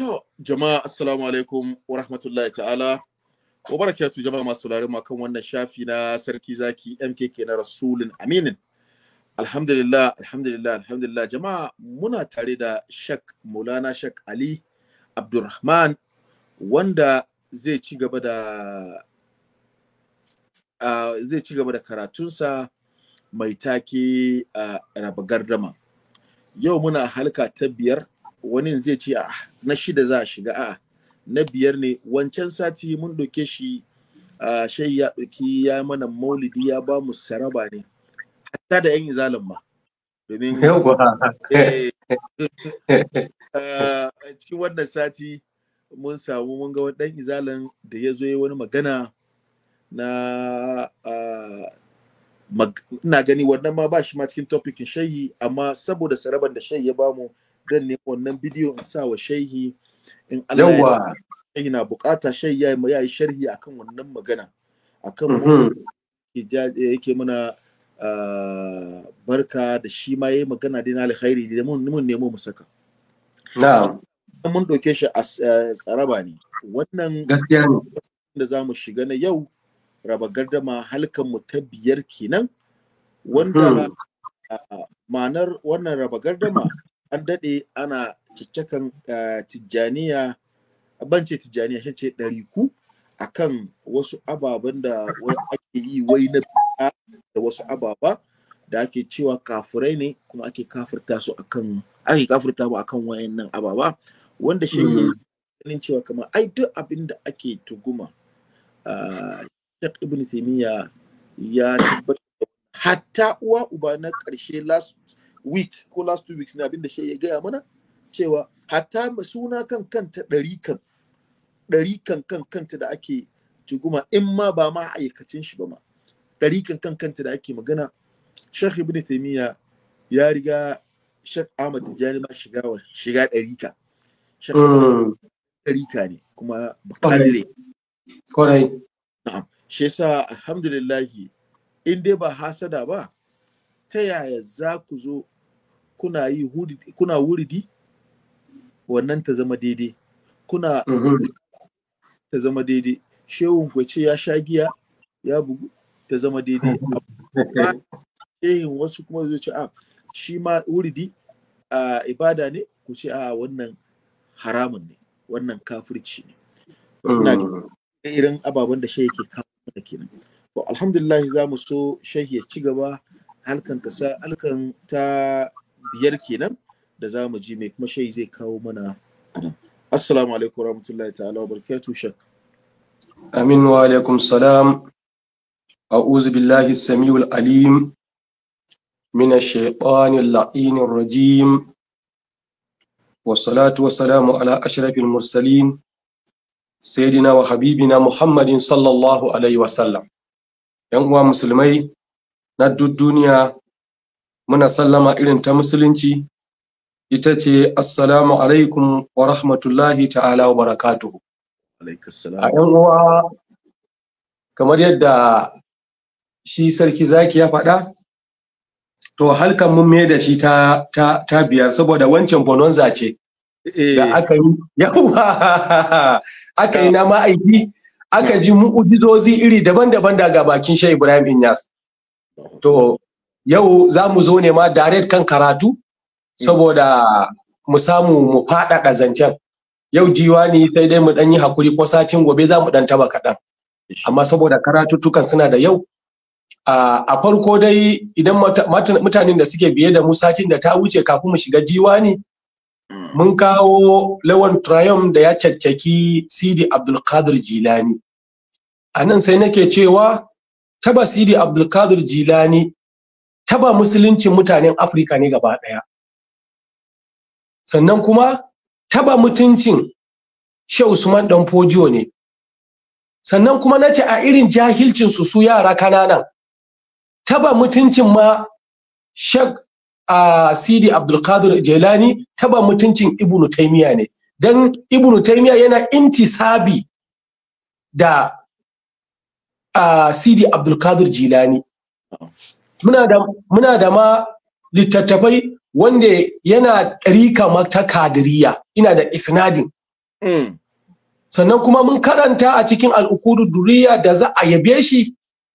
To, jama'a assalamu alaikum wa rahmatullahi ta'ala. Wa barakatu jama'a masu sauraron kan wannan shafi na sarki zaki MKK na Rasulun Aminin. Alhamdulillah, alhamdulillah, alhamdulillah. Jama'a muna tare da Shak Maulana Shak Ali Abdulrahman wanda zai ci gaba da uh, zai ci gaba da karatunsa mai take a uh, gardama. Yau muna halka ta biyar wani zai ce a na shida za a shiga a na biyar ne wancan sati mun ɗauke shi a shai ya ɗauki ya mana maulidi ya ba mu saraba ne hatta da yan izalin ma domin eh, cikin wannan sati mun samu mun ga ɗan izalin da ya zo wani magana na ina gani wannan ma ba shi ma cikin topikin shayi amma saboda saraban da shayi ya bamu zan ne wannan bidiyo in sa wa shehi in Allah ya shehi na bukata shehi ya yi sharhi akan wannan magana akan mhm. yake mana ah, barka da shi ma yayi magana dai na alkhairi da mun mun nemo mu saka na'am mun doke shi a eh, tsaraba ne wannan gaskiya ne da zamu shiga na yau raba gardama halkan mu ta biyar kenan wanda mhm. ah, ma'anar wannan raba gardama an daɗe ana cikakan eh, tijjaniya ban ce tijjaniya shi ce ku. a kan wasu ababen da ake yi wai na da wasu ababa da ake cewa kafurai ne kuma ake kafurta su akan ake a kan wayan wayannan ababa wanda shi ne mm. ganin cewa kamar ai duk abin da ake tuguma ah, Sheikh Ibn timiya ya tabbatar hatta uwa uba na ƙarshe last week ko last two weeks ne abinda shi ya gaya mana cewa hatta suna kan kanta ɗari kan ɗari kan kan kanta da ake tuguma in ma ba ma aikacin shi ba ma ɗari kan kan kanta da ake magana Sheikh Ibn taimiyya ya riga Sheikh Ahmad Tijani ma shiga shiga ɗari ka Sheikh hmm. ɗari ka ne kuma bakadire kwarai na'am shi yasa alhamdulillah in dai ba hasada ba ta yaya za ku zo kuna yi kuna wuridi wannan ta zama daidai kuna mhm. ta zama daidai shehun ku ce ya sha giya ya bugu ta zama daidai shehun wasu kuma zai ce a ah, shi ma wuridi a ibada ne ku ce a ah, wannan haramun ne wannan kafirci ne mm. irin ababen da shi yake kawo da kenan to alhamdulillah za mu so shehi ya ci gaba halkan halkan ta biyar kenan da za mu ji mai kuma shai zai kawo mana anan assalamu alaikum warahmatullahi ta'ala wabarakatuh shak amin wa alaikum salam a'udhu billahi samiul alim من الشيطان اللعين الرجيم والصلاة والسلام على أشرف المرسلين سيدنا وحبيبنا محمد صلى الله عليه وسلم ‘Yan uwa musulmai, na duk duniya muna sallama irin ta musulunci ita ce assalamu alaikum wa rahmatullahi ta'ala wa barakatuhu a yan uwa kamar yadda shi sarki zaki ya faɗa to halkan mun mai da shi ta, ta, ta biyar saboda wancan bononza ce eh. da aka yi yawa aka yi na ma'aiki aka ji mu'ujizozi iri daban-daban daga bakin shai ibrahim inyas to yau za mu zo ne ma direct kan karatu saboda mu samu mu faɗaɗa zancen yau ne sai dai mu ɗan yi hakuri ko sacin gobe za mu ɗan taba kaɗan amma saboda karatuttukan suna da yau a farko dai idan mutanen da suke biye da mu satin da ta wuce kafin mu shiga jiwani hmm. mun kawo lawan Triumph da ya caccaki sidi abdulkadir jilani a nan sai nake cewa Taba basiri abdulkadir jilani ta musuluncin mutanen afirka ne gaba ɗaya sannan kuma ta mutuncin Shehu usman dan fojiyo ne sannan kuma na ce a irin jahilcin su su yara kananan taba mutuncin ma shek a sidi abdulkadir Jilani, ta mutuncin ibnu taimiya ne don ibnu taimiya yana intisabi da sidi abdulkadir jilani muna da ma littattafai wanda yana ɗarika mata kadiriya ina da isnadin hmm. sannan kuma mun karanta a cikin al'ukudu duriya da za a yabe shi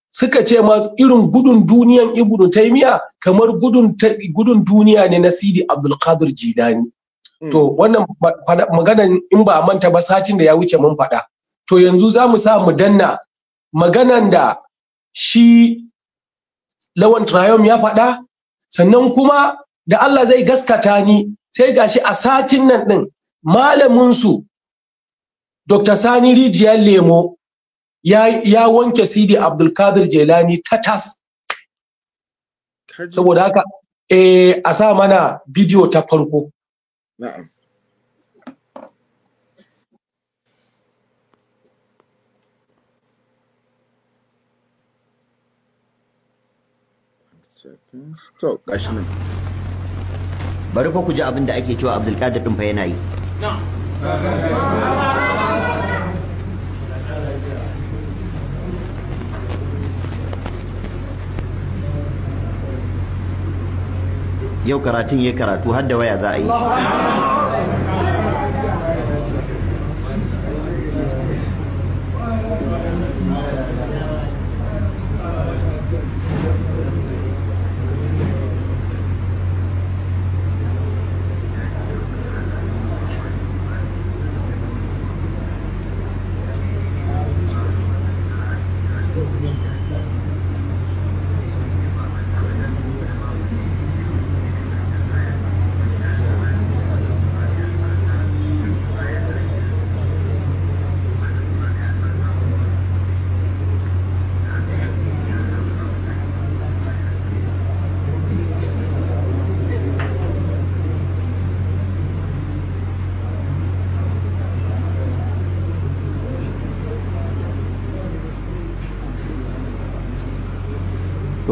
suka ce ma irin gudun duniyan ibnu taimiya kamar gudun duniya ne na sidi abdulkadir jilani hmm. to wannan maganan in ba manta ba satin da ya wuce mun faɗa to yanzu za mu sa mu danna maganan da shi lawan trayom ya faɗa sannan kuma da Allah zai gaskata ni sai gashi a satin nan ɗin malaminsu Dr. Sani Rijiyar Lemo ya, ya wanke Sidi Abdulkadir Jelani ta tas. Saboda haka eh, a sa mana bidiyo ta farko. Na'am. to gashi nan bari fa ku ji abin da ake cewa Abdulkadir din fa yana yi yau karatun ya karatu har da waya za a yi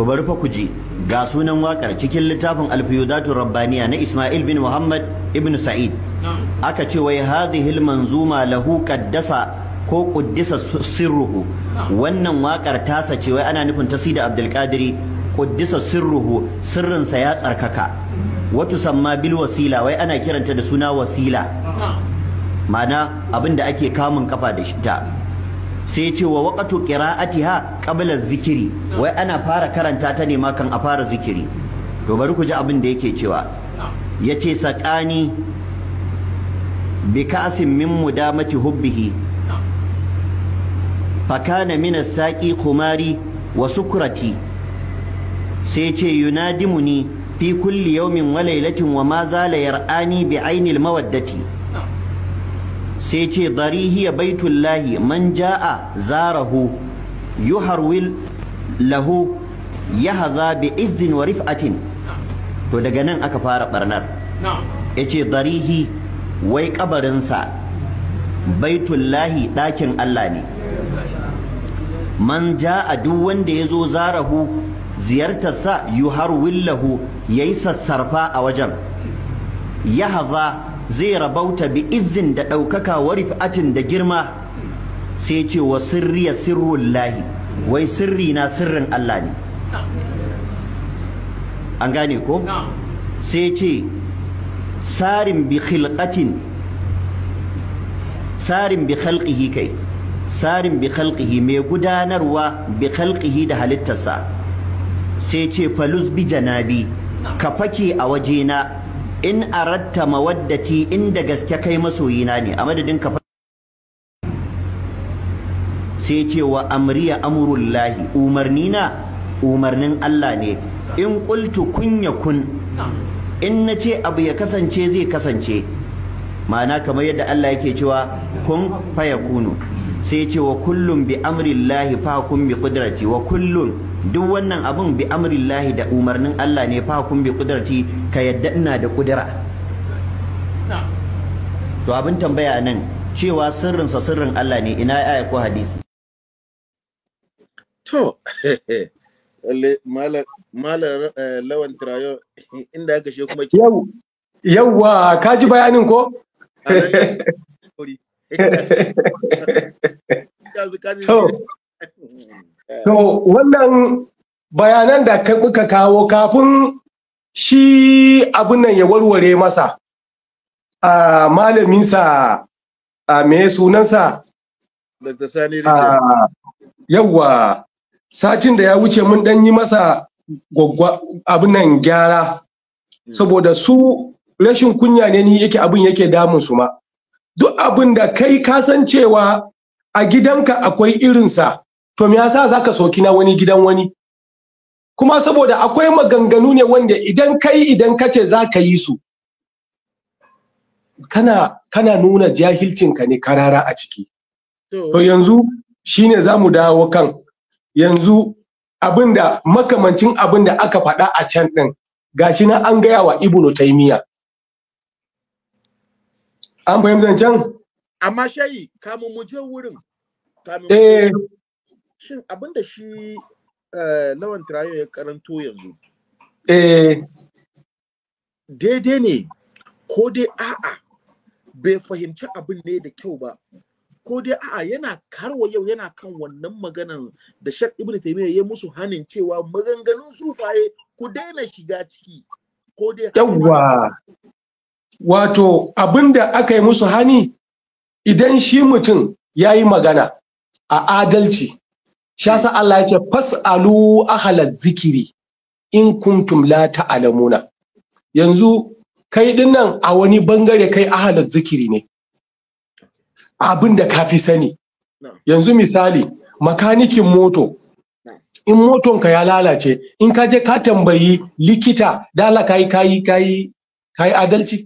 to bari fa ku ji ga sunan wakar cikin littafin alfiyudatu rabbaniya na Ismail bin Muhammad ibn Sa'id aka ce wai hadhihi manzuma lahu qaddasa ko quddisa sirruhu wannan wakar tasa ce wai ana nufin ta Sida Abdul Qadiri quddisa sirruhu sirrinsa ya tsarkaka wato samma bil wasila wai ana kiranta da suna wasila ma'ana abinda ake kamun kafa da shi sai ce wa waqatu qira'atiha qabla zikiri wai ana fara karanta ta ne ma kan a fara zikiri to bari ku ji abin da yake cewa yace sakani bi ka'sin min mudamati hubbihi fakana min as-saqi khumari wa sukrati sai ce yunadimuni fi kulli yawmin wa laylatin wa ma zala yar'ani bi 'ainil mawaddati sai ce darihiya baitullahi man ja'a zarahu yuharwil lahu haza bi izin wa rif'atin to daga nan aka fara barnar yace darihi wai kabarinsa baitullahi ɗakin Allah ne man ja'a duk wanda ya zo zarahu ziyartarsa yuharwil lahu yayi sassarfa a wajen yahza zai rabauta bi izin da ɗaukaka wa rif'atin da girma sai ce wa sirriya sirrullahi wai sirri na sirrin Allah ne an gane ko sai ce sarin bi khilqatin sarin bi khalqihi kai sarin bi khalqihi mai gudanarwa bi khalqihi da halittarsa sai ce falus bi janabi ka fake a wajena in aratta mawaddati inda gaske kai masoyina ne a madadin ka sai ce wa amriya amurullahi umarni na umarnin Allah ne in qultu kun in nace abu ya kasance zai kasance ma'ana kamar yadda Allah yake cewa kun fayakunu sai ce wa kullum bi amrillahi fa kun bi qudrati wa kullum duk wannan abin bi amrillahi da umarnin Allah ne fa kun bi kudarti ka yadda ina da kudura to abin tambaya nan cewa sirrin sa sirrin Allah ne ina aya ko hadisi to malam eh, lawan trayo inda aka she kuma yau yauwa ka ji bayanin ko to To wannan bayanan da muka kawo kafin shi abin nan ya warware masa a malaminsa a me sunansa yawwa satin da ya wuce mun dan yi masa abin nan gyara hmm. saboda su rashin kunya ne ni yake abin yake damun su ma duk abin da kai kasancewa a gidanka akwai irinsa to me yasa zaka soki na wani gidan wani kuma saboda akwai maganganu ne wanda idan kai idan kace zaka yi su kana kana nuna jahilcinka ne karara a ciki to yanzu shine zamu dawo kan yanzu abinda makamancin abinda aka faɗa a can ɗin gashi na an gaya wa ibnu taimiya an fahimta can amma shayi kamun mu je wurin eh shin abin da shi eh, lawan tirayo ya karanto yanzu eh daidai ne ko dai a'a bai fahimci abin ne da kyau ba ko dai a'a yana karwa yau yana kan wannan maganan da shak ibn taymiya ya musu hanin cewa maganganun sufaye ku daina shiga ciki ko dai yawwa wato abin da aka yi musu hani idan shi mutum ya yi magana a adalci shasa Allah ya ce fas'alu ahlal zikiri in kuntum la ta'lamuna yanzu kai dinnan a wani bangare kai ahlal zikiri ne abin da kafi sani yanzu misali makanikin moto in motonka ya lalace in ka je ka tambayi likita dala kai kai kai kai adalci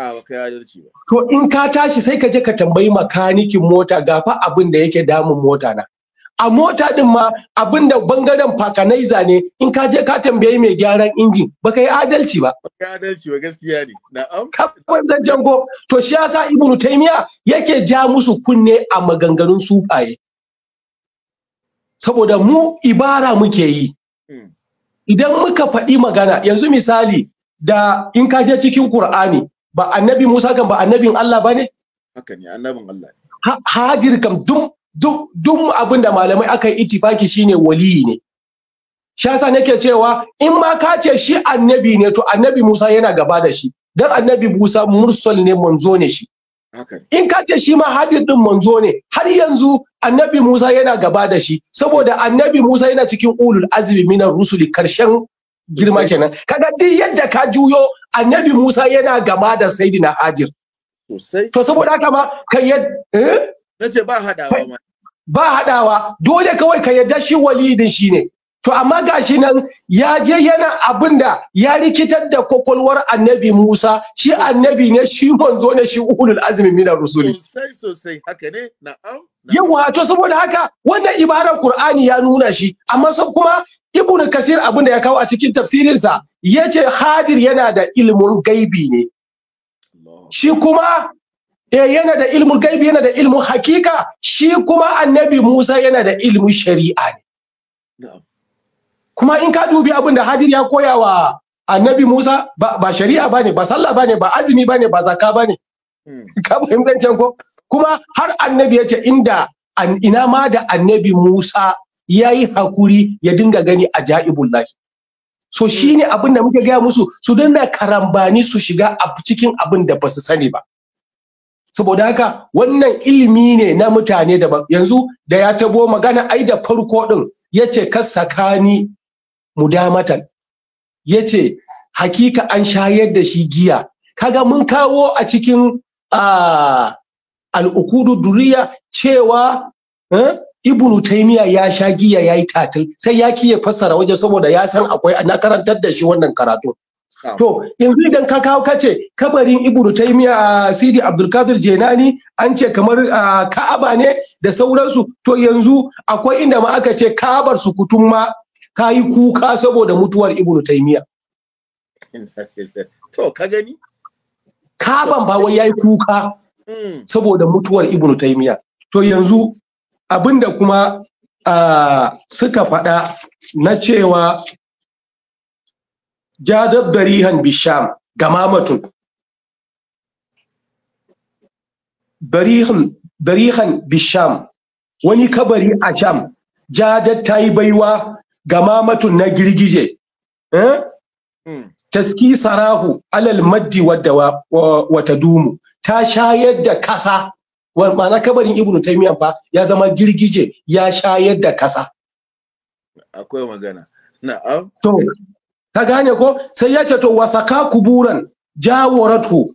adalci ba. To in ka tashi sai ka je ka tambayi makanikin mota gafa abin da yake damun mota na. a mota din ma abin da bangaren fakanaiza ne in ka je ka tambayi mai gyaran injin ba ka yi adalci ba adalci ba gaskiya ne na'am zan jango to shi yasa ibnu taymiya yake ja musu kunne a maganganun sufaye saboda mu ibara muke yi hmm. idan muka faɗi magana yanzu misali da in ka je cikin Qur'ani ba annabi Musa kan ba annabin Allah ba ne? Haka ne annabin Allah. Hajir kam duk duk abin da malamai aka yi itifaki shine waliyi ne shi yasa nake cewa in ma ka ce shi annabi ne to annabi Musa yana gaba da shi dan annabi Musa mursal ne manzo ne shi in ka ce shi ma hadith din manzo ne har yanzu annabi Musa yana gaba da shi saboda annabi Musa yana cikin ulul azmi minar rusuli karshen girma kenan kaga duk yadda ka juyo annabi Musa yana gaba da sayyidina Hajir. to saboda haka ma kai eh? Nace ba haɗawa, dole kawai ka yarda shi walidin shi ne. To amma gashi nan ya je yana abin da ya rikitar da kwakwalwar annabi Musa shi annabi ne shi manzo ne shi ulul azmi minar rusuli. Sosai sosai haka ne na'am. Yawa to saboda haka wannan ibarar Qur'ani ya nuna shi amma sab kuma Ibn Kasir abin da ya kawo a cikin tafsirinsa ya ce Hadir yana da ilimin gaibi ne. Shi kuma eh yana da ilmin gaibi yana da ilmin hakika shi kuma annabi Musa yana da ilmin shari'a ne kuma in ka dubi abin da Hadir ya koya wa annabi Musa ba shari'a bane ba sallah bane ba azumi bane ba zakka bane hmm. ka fahimtancen ko kuma har annabi ya ce inda ina ma da annabi Musa ya yi hakuri ya dinga gani a ja'ibullahi so shine abin da muke gaya musu su dinga karambani su shiga a cikin abin da basu sani ba saboda haka wannan ilimi ne na mutane da yanzu da ya tabo magana ai da farko din ya ce kasakani mudamatan ya ce hakika an shayar da shi giya kaga mun kawo a cikin al'ukudu duriya cewa eh, ibnu taimiya ya sha giya ya yi tatil sai ya kiye fassara waje saboda ya san akwai na karantar da shi wannan karatun. To yanzu idan ka kawo kace kabarin Ibnu a Sidi Abdulkadir Jenani an ce kamar Ka'aba ne da sauransu to yanzu akwai inda ma aka ce Ka'abar su kutum ma kayi kuka saboda mutuwar Ibnu Taymiya. To ka gani? Ka'aban ba wai yayi kuka hmm. saboda mutuwar Ibnu To yanzu abinda kuma suka faɗa na cewa jadab darihan bisham gamamatun darihan darihan bisham wani kabari a sham jadab ta yi baiwa gamamatun na girgije eh? hmm. taski sarahu alal maddi wadda wata dumu ta shayar da kasa ma'ana kabarin ibnu taymiyyah fa ya zama girgije ya shayar da kasa akwai magana na'am to ka gane ko sai ya ce to wasaka kuburan jawaratu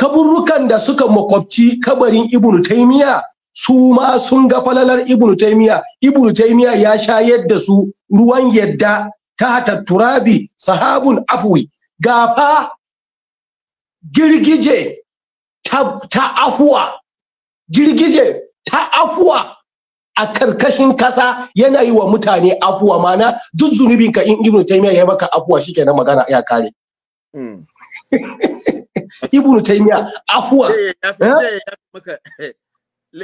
kaburrukan da suka makwabci kabarin ibnu taymiya su ma sun ga falalar ibnu taymiya ibnu taymiya ya sha yadda su ruwan yadda ta turabi sahabun afwi gafa girgije ta, ta girgije ta afuwa a karkashin kasa yana yi wa mutane afuwa mana duk zunubin ka in ibnu taymiya ya maka afuwa shikenan magana ya kare hmm. ibnu taymiya afuwa eh, eh? Eh,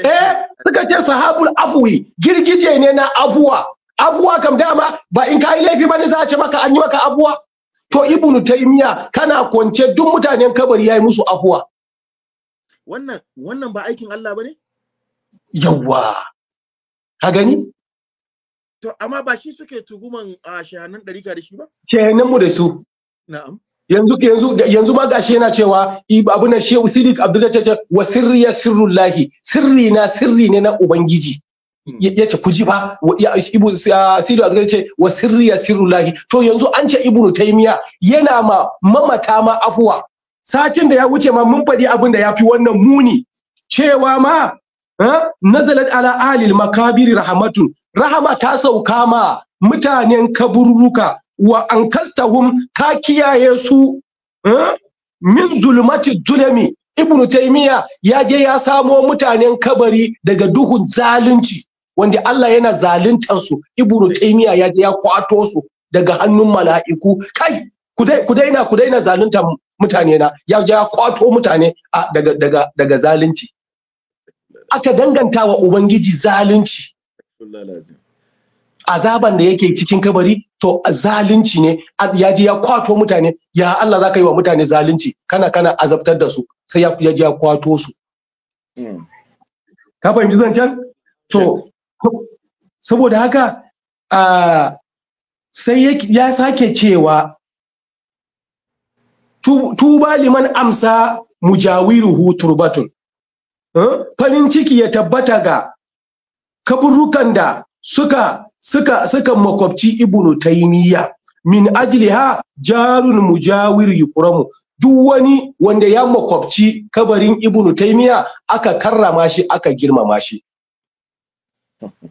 eh suka ce sahabul afwi girgije ne na afuwa afuwa kam dama ba in kai laifi bane za a ce maka an yi maka afuwa to ibnu taymiya kana kwance duk mutanen kabari yayi musu afuwa wannan wannan ba aikin Allah bane yawwa ka gani to amma ba shi suke tuhuman a shahanan ɗarika da shi ba shahanan mu da su na'am yanzu yanzu yanzu ma gashi yana cewa abu na shehu sidik ta ce wa sirri ya sirrullahi sirri na sirri ne na ubangiji hmm. ya ce ku ji ba ibu sidu Abdullahi ce wa sirri ya sirrullahi to yanzu an ce ibnu taymiya yana ma mamata ma afuwa satin da ya wuce ma mun faɗi abin da ya fi wannan muni cewa ma nazalat ala alil makabiri rahmatun rahama ta sauka ma mutanen kaburruka. wa an kastahum ka kiyaye su min zulmati zulami ibnu taymiya ya je ya samo mutanen kabari daga duhun zalunci wanda Allah yana zaluntar su ibnu taymiya ya je ya kwato su daga hannun mala'iku kai ku daina ku daina zaluntar mutane na ya je ya kwato mutane daga daga daga zalunci aka danganta wa ubangiji zalunci azaban da yake cikin kabari to zalunci ne ya ji ya kwato mutane ya Allah za ka yi wa mutane zalunci kana kana azabtar da su sai ya ji ya kwato su hmm. ka fahimci zancen to saboda haka sai ya sake cewa tuba liman amsa mujawiruhu turbatun Eh? farin ciki ya tabbata ga kaburukan da suka suka suka makwabci ibnu taymiya min ajliha jarun mujawir yukramu duk wani wanda ya makwabci kabarin ibnu taymiya aka karrama shi aka girmama shi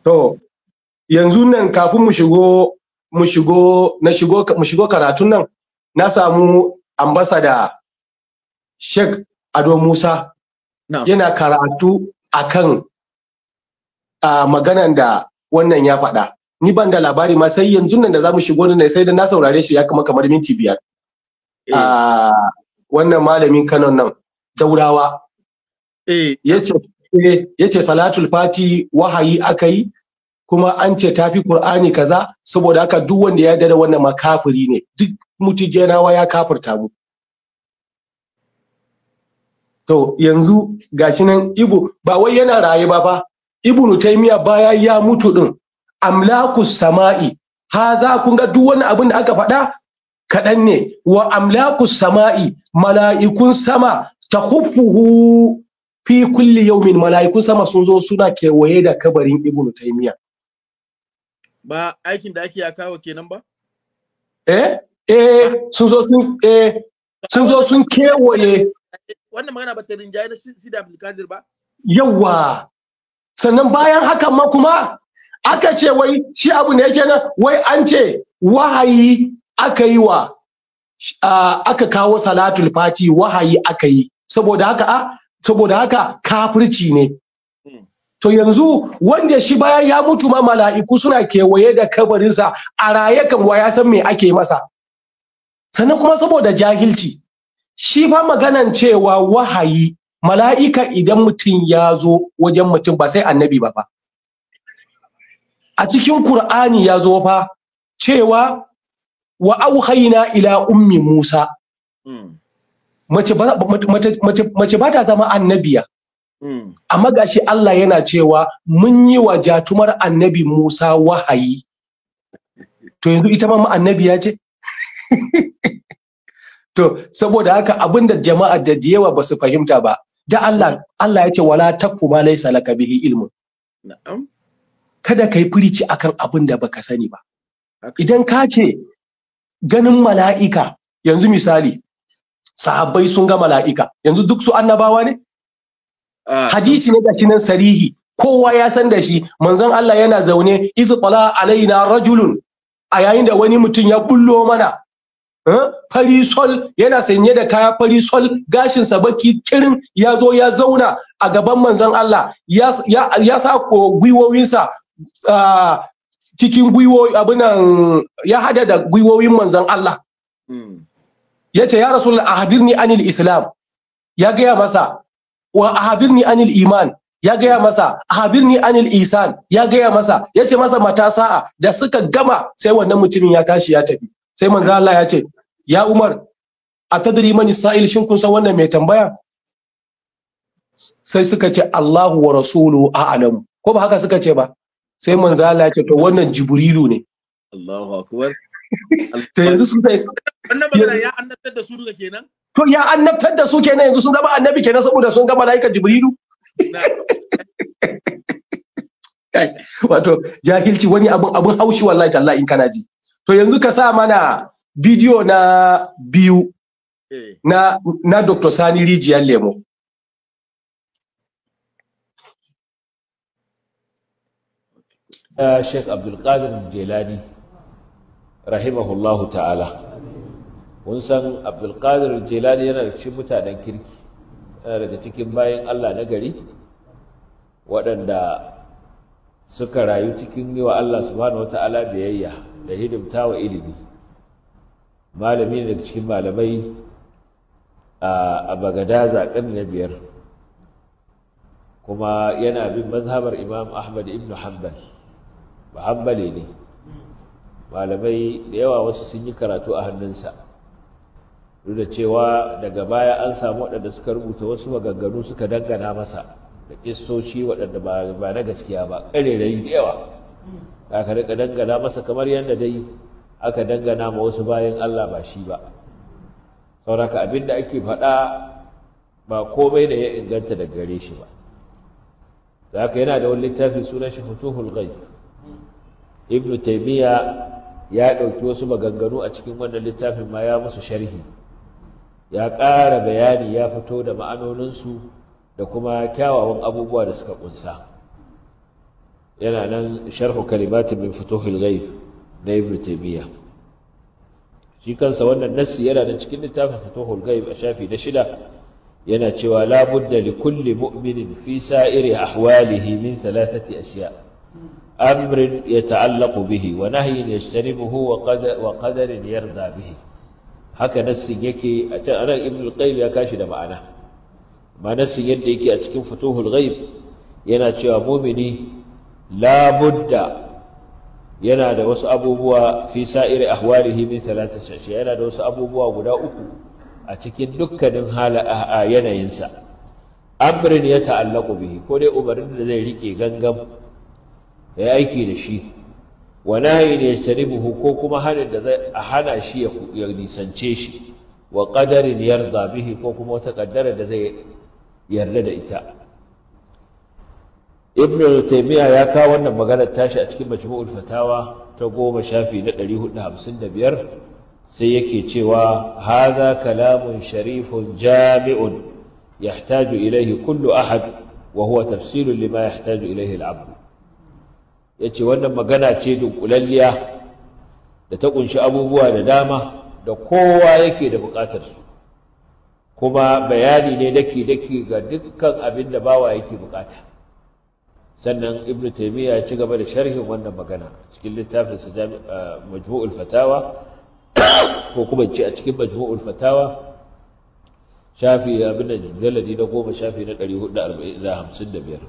to yanzu nan kafin mu shigo mu shigo na shigo mu shigo karatun nan na samu ambasada Sheikh Ado Musa yana karatu akan a maganan da wannan ya faɗa ni ban da labari ma sai yanzu nan da zamu shigo nan sai da na saurare shi ya kama kamar minti biyar eh. a wannan malamin Kano nan Daurawa eh. yace eh, yace salatul fati wahayi akai kuma an ce tafi Qur'ani kaza saboda haka duk wanda ya yarda da wannan makafiri ne duk mutijanawa ya kafirta mu to yanzu gashi nan ibu ba wai yana raye ba fa ibnu taymiya baya ya mutu din amlaku sama'i Ha za kun ga duk wani abin da aka faɗa kaɗan ne wa amlaku sama'i mala'ikun sama ta huffuhu fi kulli yaumin mala'ikun sama sun zo suna kewaye da kabarin ibnu taymiya ba aikin da ake kawo kenan ba eh eh sun zo sun eh sun zo sun kewaye wannan magana ba ta rinjaye na Sidi Abdulkadir ba yawa sannan bayan hakan ma kuma aka ce wai shi abu ne yake nan wai an ce wahayi aka yi wa aka kawo salatul fati wahayi aka yi saboda haka a saboda haka kafirci ne hmm. to yanzu wanda shi bayan ya mutu ma mala'iku suna kewaye da kabarinsa a raye kan wa san me ake masa sannan kuma saboda jahilci shi fa maganan cewa wahayi mala'ika idan mutum ya zo wajen mutum ba sai annabi ba fa a cikin qur'ani ya zo fa cewa wa auhaina ila ummi musa hmm. mace ba ta zama annabiya hmm. amma gashi Allah yana cewa mun yi wa jatumar annabi Musa wahayi to yanzu ita ma annabiya ce to saboda haka abin da jama'a da yawa ba su fahimta ba da Allah Allah ya ce wala takku ma laysa laka bihi ilmu. na'am kada kai firici akan abin da baka sani ba idan ka ce ganin mala'ika yanzu misali sahabbai sun ga mala'ika yanzu duk su annabawa ne ah, hadisi ne gashi nan sarihi kowa ya san da shi manzon Allah yana zaune iz qala alaina rajulun a yayin da wani mutum ya bullo mana fari sol yana sanye da kaya fari sol gashin sa baki kirin ya zo ya zauna a gaban manzon Allah ya sa ko sa cikin gwiwoyi abinan ya hada da gwiwowin manzon Allah hmm. ya ce ya habir ni anil islam ya gaya masa wa ahbirni anil iman ya gaya masa habirni anil isan ya gaya masa ya ce masa matasa da suka gama sai wannan mutumin ya tashi ya tafi sai manzo Allah ya ce ya umar a tadiri mani sa'il shin kun san wannan mai tambaya sai suka ce Allahu wa rasulu a'lam ko ba haka suka ce ba sai manzo Allah ya ce to wannan jibrilu ne Allahu akbar to yanzu su sai wannan magana ya annabtar da su duka kenan to ya annabtar da su kenan yanzu sun zama annabi kenan saboda sun ga malaika jibrilu wato jahilci wani abun abun haushi wallahi tallahi in kana ji to yanzu ka sa mana bidiyo na biyu eh. na, na Dr. Sani Rijiyar Lemo. Sheikh Abdulkadir Jelani, rahimahullahu ta'ala. Mun san Abdulkadir Jelani yana da cikin mutanen kirki, yana daga cikin bayan Allah na gari, waɗanda suka rayu cikin yi wa Allah subhanahu wa ta'ala biyayya da hidimta wa ilimi. malami ne daga cikin malamai a Bagada zaɓen na biyar kuma yana bin mazhabar imam ahmad ibn hanbal ba hanbali ne malamai da yawa wasu sun yi karatu a hannunsa duk da cewa daga baya an samu waɗanda suka rubuta wasu maganganu suka dangana masa da ƙistoci waɗanda ba na gaskiya ba ƙarerayi da yawa ka ka dangana masa kamar yadda dai aka dangana ma wasu bayan Allah ba shi ba sauraka abinda ake faɗa ba komai da ya inganta da gare shi ba da haka yana da wani littafi sunan shi futuhul gai. ibnu taimiyya ya ɗauki wasu maganganu a cikin wannan littafin ma ya musu sharhi ya ƙara bayani ya fito da ma'anoninsu da kuma kyawawan abubuwa da suka ƙunsa yana nan sharhu kalimatin min futuhul ghaib na ibn taymiya shi kansa wannan nassi yana da cikin littafin fatuhul ghaib a shafi na shida yana cewa la budda li kulli mu'minin fi sa'iri ahwalihi min thalathati ashiya amrin yata'allaqu bihi wa nahyin yajtanibuhu wa wa qadarin yarda bihi haka nassin yake a can anan ibn al-qayyim ya kashi da ma'ana ma nassin yadda yake a cikin fatuhul ghaib yana cewa mu'mini la budda yana da wasu abubuwa fi sa'iri ahwalihi min thalathat shashi yana da wasu abubuwa guda uku a cikin dukkanin hala a yanayinsa amrin ya ta'allaqu bihi ko dai ubarin da zai rike gangam ya aiki da shi wa nahyin yajtanibuhu ko kuma da zai a hana shi ya nisance shi wa ƙadarin yarda bihi ko kuma wata ƙaddara da zai yarda da ita ibn taymiya ya kawo wannan maganar tashi a cikin majmu'ul fatawa ta goma shafi na 455 sai yake cewa hadha kalamun sharifun jami'un yahtaju ilayhi kullu ahad wa huwa tafsilun lima yahtaju ilayhi al-'abd yace wannan magana ce dunkulalliya da ta kunshi abubuwa da dama da kowa yake da bukatar su kuma bayani ne daki-daki ga dukkan abin da bawa yake bukata sannan ibn taymiya ya ci gaba da sharhin wannan magana cikin littafinsa sa ah, majmu'ul fatawa ko kuma ce a cikin majmu'ul fatawa shafi ya bi da jaladi na goma shafi na 455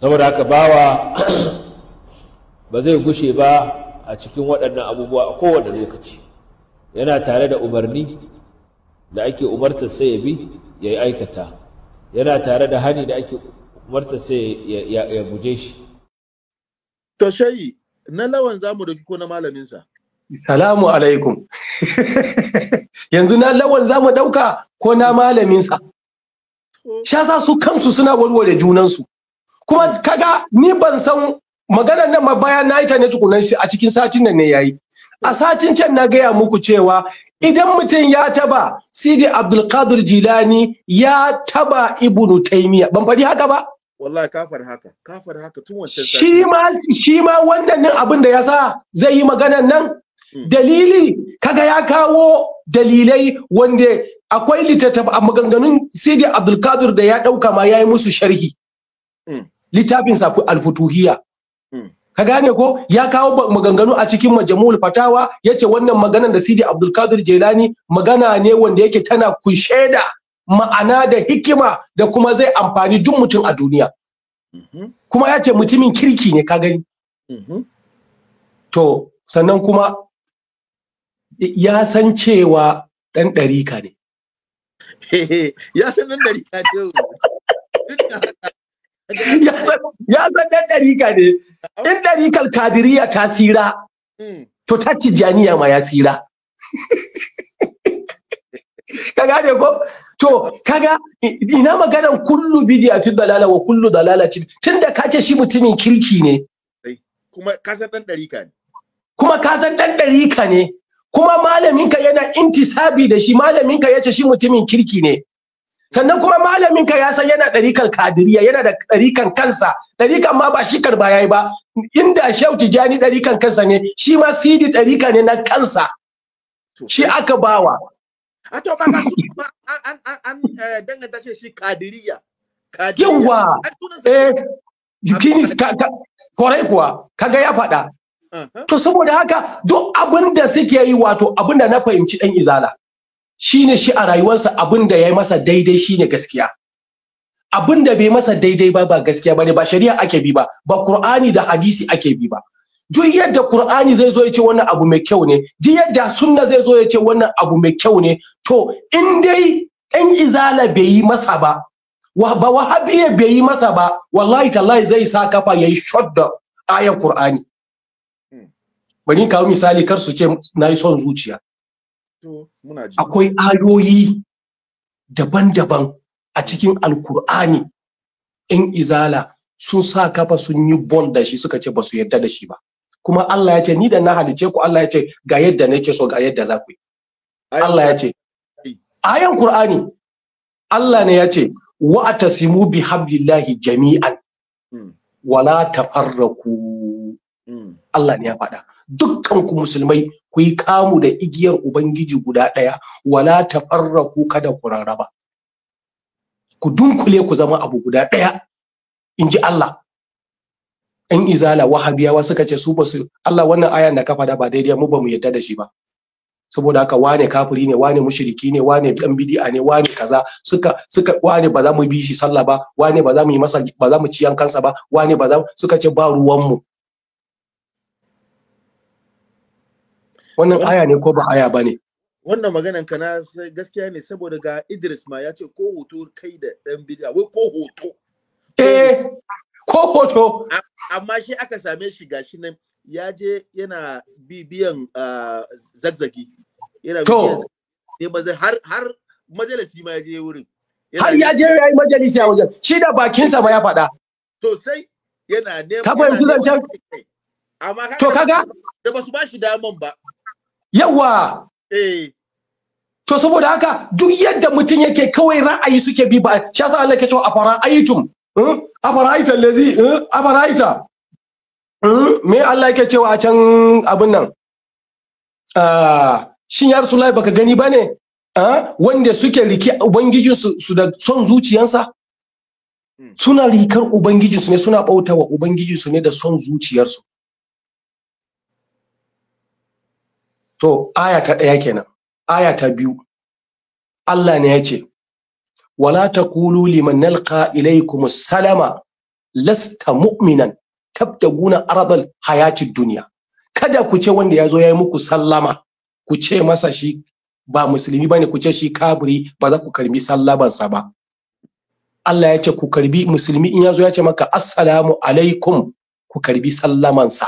saboda haka bawa ba zai gushe ba a cikin waɗannan abubuwa a kowane lokaci yana tare da umarni da ake umartar sai ya bi ya yi aikata yana tare da hani da ake umarta sai ya guje shi to na lawan zamu doki ko na malaminsa salamu alaikum yanzu na lawan zamu dauka ko na malaminsa shasa su kansu suna warware junansu kuma kaga ni ban san maganar nan ma bayan na yi ta ne tukunan a cikin satin nan ne yayi a satin can na gaya muku cewa idan mutum ya taba sidi abdulkadir jilani ya taba ibnu taimiya ban faɗi haka ba wallahi kafar haka kafar haka tun wancan shi ma shi ma wannan abin da ya sa zai yi maganan nan hmm. dalili kaga ya kawo dalilai wanda akwai littattafa a maganganun sidi abdulkadir da ya ɗauka ma ya yi musu sharhi hmm. littafin safi alfutuhiya hmm. ka gane ko ya kawo maganganu a cikin majamul fatawa yace wannan maganar da Sidi Abdul Qadir Jilani magana ne wanda yake tana kunshe da ma'ana da hikima da kuma zai amfani duk mutum a duniya mhm. kuma ya ce mutumin kirki ne ka gani mhm. to sannan kuma ya san cewa dan ɗarika ne ya san dan ɗarika ne ya san ɗan ɗarika ne in ɗarikar kadiriya ta sira hmm. to ta tijjaniya ma ya sira ka gane ko to kaga ina maganan kullu bidiya fi dalala wa kullu dalalatin tunda ka ce shi mutumin kirki ne kuma ka san dan ɗarika ne kuma ka san ɗarika ne kuma malaminka yana intisabi da shi malaminka ya ce shi mutumin kirki ne sannan kuma malamin ka ya san yana ɗarikan kadiriya yana da ɗarikan kansa ɗarikan ma ba shi karba yayi ba inda shehu tijani ɗarikan kansa ne shi ma sidi ɗarika ne na kansa shi aka bawa a to ba an an an eh, danganta shi shi kadiriya yawa eh jikini kwarai kuwa kaga ya faɗa uh-huh. to saboda haka duk abin da suke yi wato abin da na fahimci ɗan izala shine shi a rayuwarsa abin da ya masa daidai shine gaskiya abin da bai masa daidai ba ba gaskiya ne ba shari'a ake bi ba ba qur'ani da hadisi ake bi ba duk yadda qur'ani zai zo ya ce wannan abu mai kyau ne duk yadda sunna zai zo ya ce wannan abu mai kyau ne to in dai ɗan izala bai yi masa ba ba wahabiyya bai yi masa ba wallahi tallahi zai sa kafa yayi shot da ayan qur'ani hmm. Bani kawo misali kar su ce na yi son zuciya akwai ayoyi daban-daban a cikin alkur'ani in izala sun sa kafa sun yi bol da shi suka ce ba su yarda da shi ba kuma Allah ya ce ni da na halice ku Allah ya ce ga yadda nake so ga yadda za ku yi Allah ya ce ayan Qur'ani Allah ne ya ce wa atasimu bi hablillahi jami'an hmm. wala tafarraku Allah ne ya faɗa dukkan ku musulmai ku yi kamu da igiyar ubangiji guda ɗaya wala tafarraku kada ku rarraba ku dunkule ku zama abu guda ɗaya in ji Allah in izala wahabiyawa suka ce su basu Allah wannan ayan da ka faɗa ba daidai mu ba mu yadda da shi ba saboda haka wane kafiri ne wane mushriki ne wane dan bid'a ne wane kaza suka suka wane ba za mu bi shi sallah ba wane ba za mu yi masa ba za mu ci yankansa ba wane ba za suka ce ba ruwan mu wannan aya ne ko ba aya ba ne wannan maganan ka na gaskiya ne saboda ga Idris ma ya ce ko hoto kai da dan bidiya wai ko hoto eh ko hoto amma shi aka same shi gashi nan ya je yana bibiyan ah, zagzagi yana bibiyan ne eh, har har majalisi ma ya je wurin har ya je ya yi majalisi a wajen shi da bakinsa ba ya faɗa sai yana neman ka fahimci zancen to kaga da ba su ba shi daman ba yawa eh. to saboda haka duk yadda mutum yake kawai ra'ayi suke bi ba shi yasa Allah ke cewa afara'aytum Lazi? Hmm? allazi hmm? aita. Hmm? me Allah yake cewa a can abin nan ah, shin ya Rasulullahi baka gani ba ne ah, wanda suke rike ubangijinsu su da son zuciyansa suna rikar ubangijinsu ne suna bautawa ubangijin ubangijinsu ne da son zuciyarsu to aya ta ɗaya kenan aya ta biyu Allah ne ya ce wala taqulu liman nalqa ilaykum salama lasta mu'minan tabtaguna aradal hayatid duniya. kada ku ce wanda ya zo ya yi muku sallama ku ce masa shi ba musulmi bane ku ce shi kabiri ba za ku karbi sallamansa ba Allah ya ce ku karbi musulmi in ya zo ya ce maka assalamu alaikum ku karbi sallamansa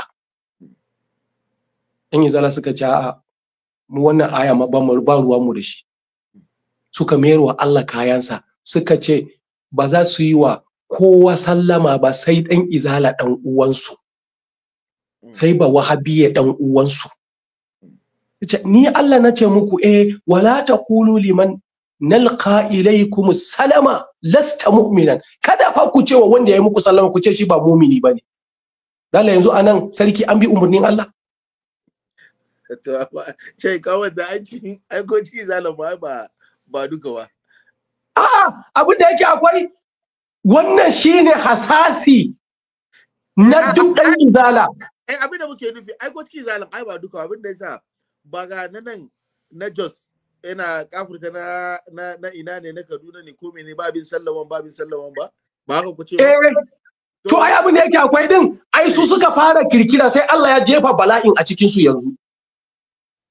in yi zala suka ce a'a mu wannan aya ma ba ruwan mu da shi suka mayar wa Allah kayansa suka ce ba za su yi wa kowa sallama ba sai dan izala dan uwansu mm. sai ba ya dan uwansu ni Allah na ce muku eh wala taqulu liman nalqa ilaykum salama lasta mu'minan kada fa ku ce wa wanda ya yi muku sallama ku ce shi ba mumini bane dala yanzu anan sarki an bi umarnin Allah shai da aiko ciki zalama ba ba duka ba a'a abin da yake akwai wannan shine hasasi na duk ɗan zala. eh abin da muke nufi aiko ciki zalim ai ba duka abin da yasa ba ga nan na Jos yana kafurta na na na ina ne na Kaduna ne ko mene babin sallaman babin sallaman ba ba haka ku ce eh to ai abin da yake akwai din ai su eh. suka fara kirkira sai Allah ya jefa bala'in a cikin su yanzu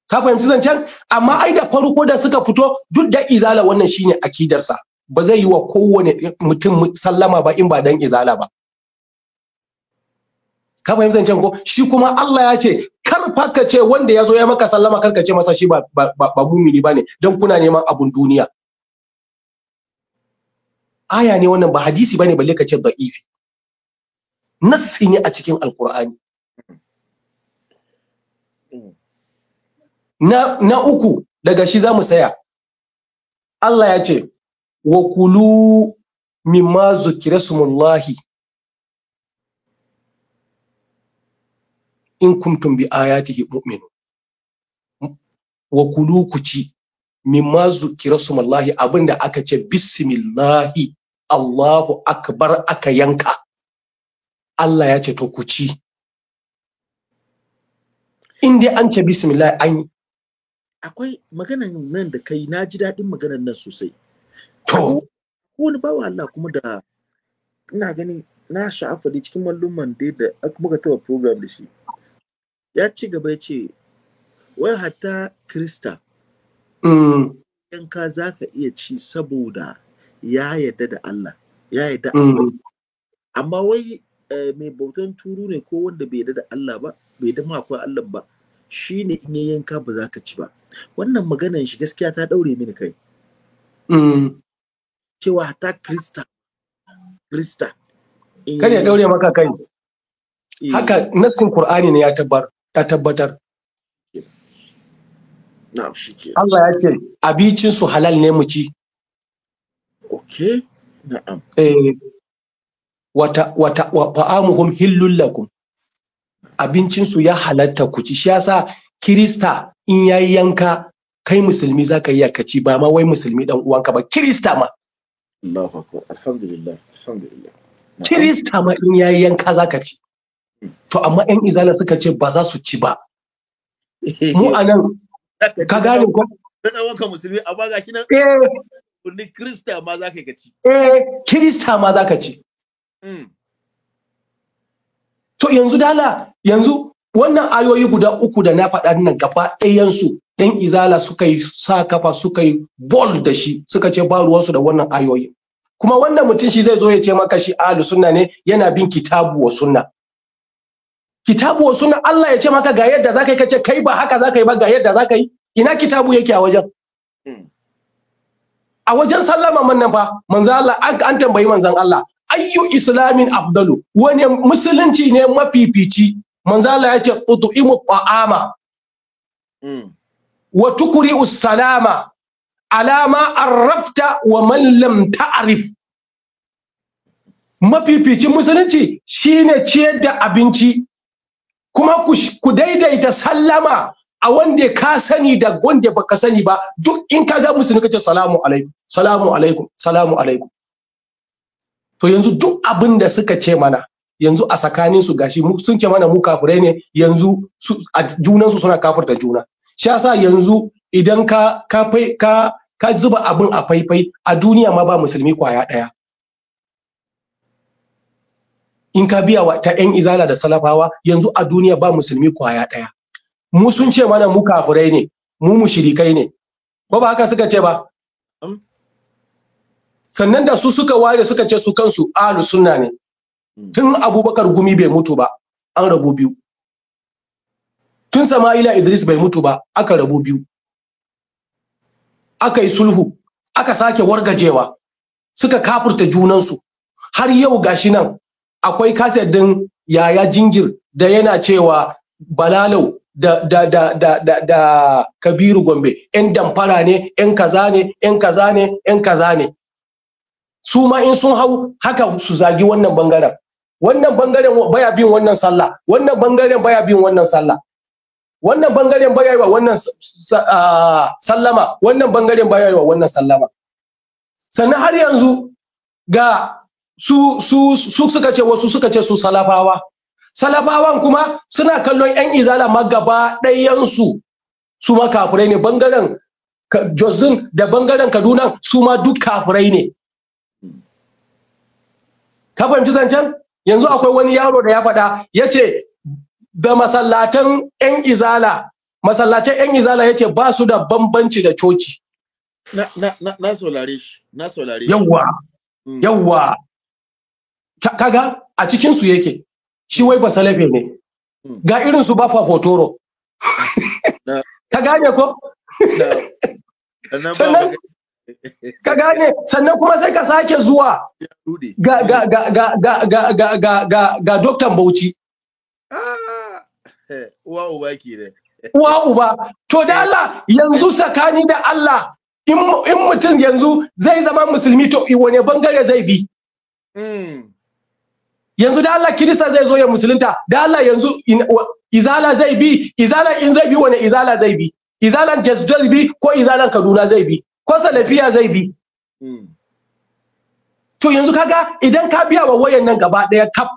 ka fahimci zancen amma ai da farko da suka fito duk da izala wannan shine akidarsa ba zai yi wa kowane mutum sallama ba in ba dan izala ba ka fahimci zancen ko shi kuma Allah ya ce kar fa ka ce wanda ya zo ya maka sallama kar ka ce masa shi ba ba, ba mumini bane dan kuna neman abun duniya aya ne wannan ba hadisi bane balle ka ce da'ifi nassi ne a cikin alqur'ani na, na uku daga shi za mu saya Allah ya ce wa kulu mimma zukira in kuntum bi ayatihi mu'minu wa kulu ku ci mimma zukira abinda aka ce bismillahi Allahu akbar aka yanka Allah ya ce to ku ci in dai an ce bismillah an akwai maganan nan da kai na ji daɗin maganan nan sosai to wani bawa Allah kuma da ina gani na sha'afa da cikin malluman da da muka taba program da shi ya ci gaba ya ce wai hatta krista yan mm. ka za ka iya ci saboda ya yarda da Allah ya yarda mm. amma wai eh, mai bautan turu ne ko wanda bai yarda da Allah ba bai yarda ma akwai Allah ba Shi ne in yanka ba za ka ci ba wannan maganan shi gaskiya ta daure mini kai mm. cewa ta krista krista eh. kada ya daure maka kai eh. haka nassin qur'ani ne ya tabbatar Allah ya ce abincin su halal ne mu ci okay na'am eh, wata wata wa hillul lakum abincin su ya halatta ku ci shi yasa kirista in yayi yanka kai musulmi zaka yi yakaci ba ma wai musulmi dan uwanka ba kirista ma Allahu akbar alhamdulillah alhamdulillah kirista ma in yayi yanka zaka ci to amma yan izala suka ce ba za su ci ba mu anan ka gane ko dan uwanka musulmi amma gashi nan eh ni kirista ma zaka ka ci eh kirista ma zaka ci mm. to yanzu dala yanzu wannan ayoyi guda uku da na faɗa nan gaba ɗayansu ɗan izala suka yi sa kafa suka yi bol da shi suka ce ba ruwansu da wannan ayoyi kuma wannan mutum shi zai zo ya ce maka shi ahlu sunna ne yana bin kitabu wa sunna kitabu wa sunna Allah ya ce maka ga yadda zaka yi kace kai ba haka zaka yi ba ga yadda zaka yi ina kitabu yake a wajen hmm. a wajen sallama man nan fa manzo Allah an tambayi manzon Allah ayyu islamin afdalu wani musulunci ne mafifici manzo Allah ya ce ut'imu ta'ama mm. wa tukuri usalama alama ma arrafta wa man lam ta'rif mafificin musulunci shine ciyar da abinci kuma ku daidaita sallama a wanda ka sani da wanda baka sani ba duk in ka ga musulmi kace salamu alaikum salamu alaikum salamu alaikum to yanzu duk abin da suka ce mana yanzu a tsakanin su gashi sun ce mana mu kafirai ne yanzu a junan su suna da juna shi yasa yanzu idan ka ka ka ka zuba abin a faifai a duniya ma ba musulmi kwaya daya in ka biya wa ta yan izala da salafawa yanzu a duniya ba musulmi kwaya daya mu sun ce mana mu kafirai ne mu mushrikai ne ko ba haka suka ce ba sannan da su suka ware suka ce su kansu ahlus sunna ne Hmm. tun abubakar gumi bai mutu ba an rabu biyu tun sama'ila idris bai mutu ba aka rabu biyu aka yi sulhu aka sake wargajewa suka kafurta junansu har yau gashi nan akwai kaset din yaya jingir da yana cewa balalau da, da, da, da, da, da kabiru gombe yan damfara ne yan kaza ne yan kaza ne yan kaza ne su ma in sun hau haka su zagi wannan bangaren wannan bangaren baya bin wannan sallah wannan bangaren baya bin wannan sallah wannan bangaren baya yi wa wannan sallama wannan bangaren baya yi wa wannan sallama sannan har yanzu ga su su su suka ce wasu suka ce su salafawa salafawan kuma suna kallon yan izala ma gaba ɗayansu su ma kafirai ne bangaren Jordan da bangaren Kaduna su ma duk kafirai ne. Ka fahimci zancen? yanzu akwai wani yaro da ya faɗa ya ce da masallatan 'yan izala masallatan 'yan izala ya ba su da bambanci da coci na, na, shi yawwa yawwa kaga a cikinsu yake shi wai basalafe ne hmm. ga irin su ba fafotoro ka gane ko sannan ka gane sannan kuma sai ka sake zuwa ga ga ga ga ga ga ga ga ga ga doktan Bauchi ah, uwa uba kenan uwa uba to da Allah yanzu sakani da Allah in mutum yanzu zai zama musulmi to wane bangare zai bi hmm. yanzu da Allah kirista zai zo ya musulunta da Allah yanzu izala zai bi izala in zai bi wane izala zai bi izalan jazz zai bi ko izalan kaduna zai bi ko salafiya zai bi hmm. to yanzu kaga idan ka biya wa wayan nan gaba daya kaf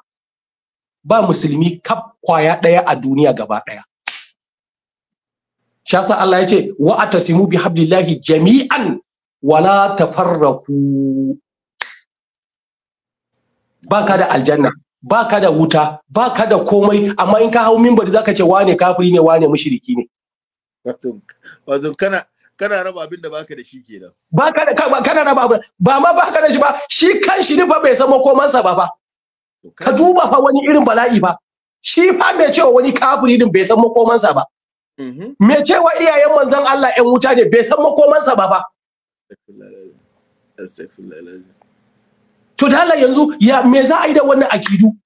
ba musulmi kaf kwaya ɗaya a duniya gaba daya shasa Allah ya ce wa atasimu bi hablillahi jami'an wala Ba baka da aljanna baka da wuta baka da komai amma in ka hau mimbari zaka ce wane kafiri ne wane mushriki ne wato kana kana raba abin da baka da shi kenan baka da kana raba abin ba ma baka da shi ba shi kan shi ne fa bai san sa ba ba ka duba fa wani irin bala'i ba shi fa mai cewa wani kafiri din bai san sa ba mm-hmm. mai cewa iyayen manzon Allah ɗan wuta ne bai san sa ba ba to dala yanzu ya me za a yi da wannan akidu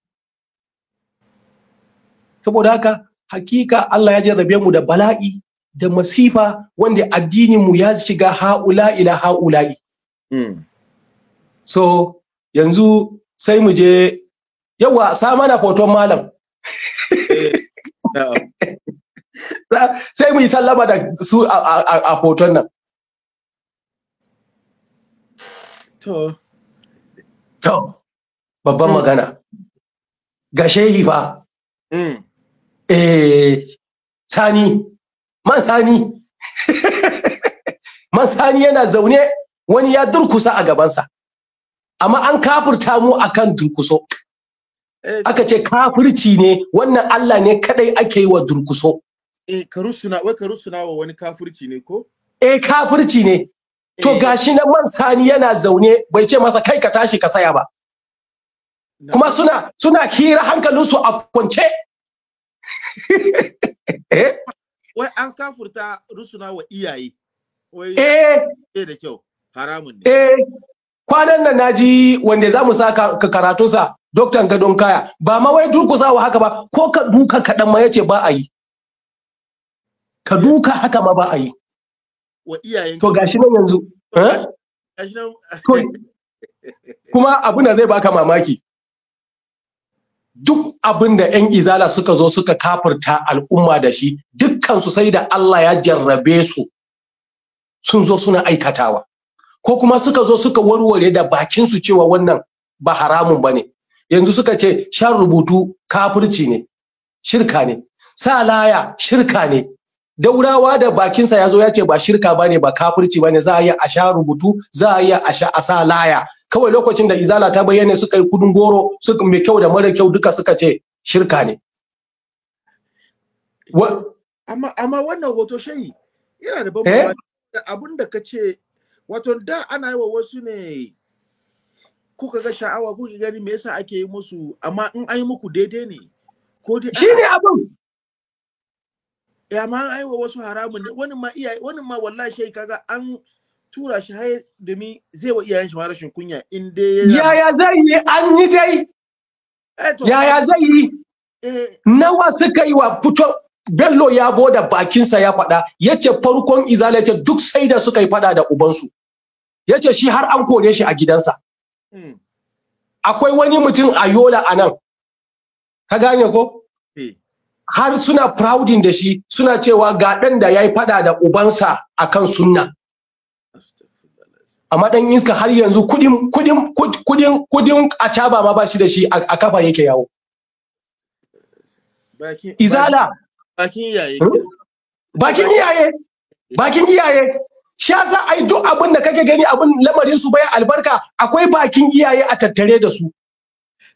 saboda haka hakika Allah ya jarrabe mu da bala'i da masifa wanda addininmu ya shiga ha'ula ila ha'ula'i. Mm. So, yanzu sai mu je, yawa sa mana foton malam. Eh, sai mu yi sallama da su a foton nan. To. To, babban hmm. magana. Ga shehi fa. Mm. Eh, sani. Mansani sani yana zaune wani ya durkusa a gabansa amma an kafurta mu akan durkuso eh, aka ce kafirci ne wannan Allah ne kadai ake yi wa durkuso eh karusuna wai wa wani kafirci ne ko eh kafirci ne to eh. gashi na mansani yana zaune bai ce masa kai ka tashi ka saya ba kuma suna suna kira hankalinsu a kwance eh? wai an kafurta rusuna wa iyaye wai eh da kyau haramun ne eh kwanan nan naji wanda za mu sa karatu sa doktan gadon kaya ba ma wai wa haka ba ko ka duka kaɗan ma yace ba a yi ka duka haka ma ba a yi wa iyayen to gashi nan yanzu eh? kuma abin da zai baka mamaki duk abin da 'yan izala suka zo suka kafurta al'umma da shi duk su sai da Allah ya jarrabe su sun zo suna aikatawa ko kuma suka zo suka warware da bakin su cewa wannan ba haramun ba ne yanzu suka ce shan rubutu kafirci ne shirka ne sa laya shirka ne daurawa da bakinsa ya zo ya ce ba shirka ba ne ba kafirci ba ne za a yi a sha rubutu za a yi a sa laya kawai lokacin da izala ta bayyana suka yi kudin goro suka mai kyau da mara kyau duka suka ce shirka ne amma amma wannan hoto shayi yana da bambanci eh? da abin da kace wato da ana yi wa wasu ne kuka ga sha'awa kuka gani me yasa ake yi musu amma in an yi muku daidai ne ko dai ne abin ya eh, ma an wa wasu haramun ne wani ma iyaye wani ma wallahi shayi kaga an tura shi har domin zai wa iyayen shi ma rashin kunya in dai yaya zai yi an yi dai eh, yaya zai yi nawa suka yi wa fito bello ya goda bakinsa ya faɗa yace farkon izala ce duk sai da suka yi faɗa da ubansu yace shi har an kore shi a gidansa hmm. akwai wani mutum a yola a nan ka gane ko eh. har suna proudin da shi suna cewa ga ɗan da ya yi faɗa da ubansa akan sunna amma dan iska har yanzu kudin kudin kudin kudin a caba ma ba shi da shi a kafa yake yawo izala bakin iyaye hmm? bakin iyaye bakin iyaye shi yasa ai duk abin da kake gani abin lamarin su bai albarka akwai bakin iyaye a tattare da su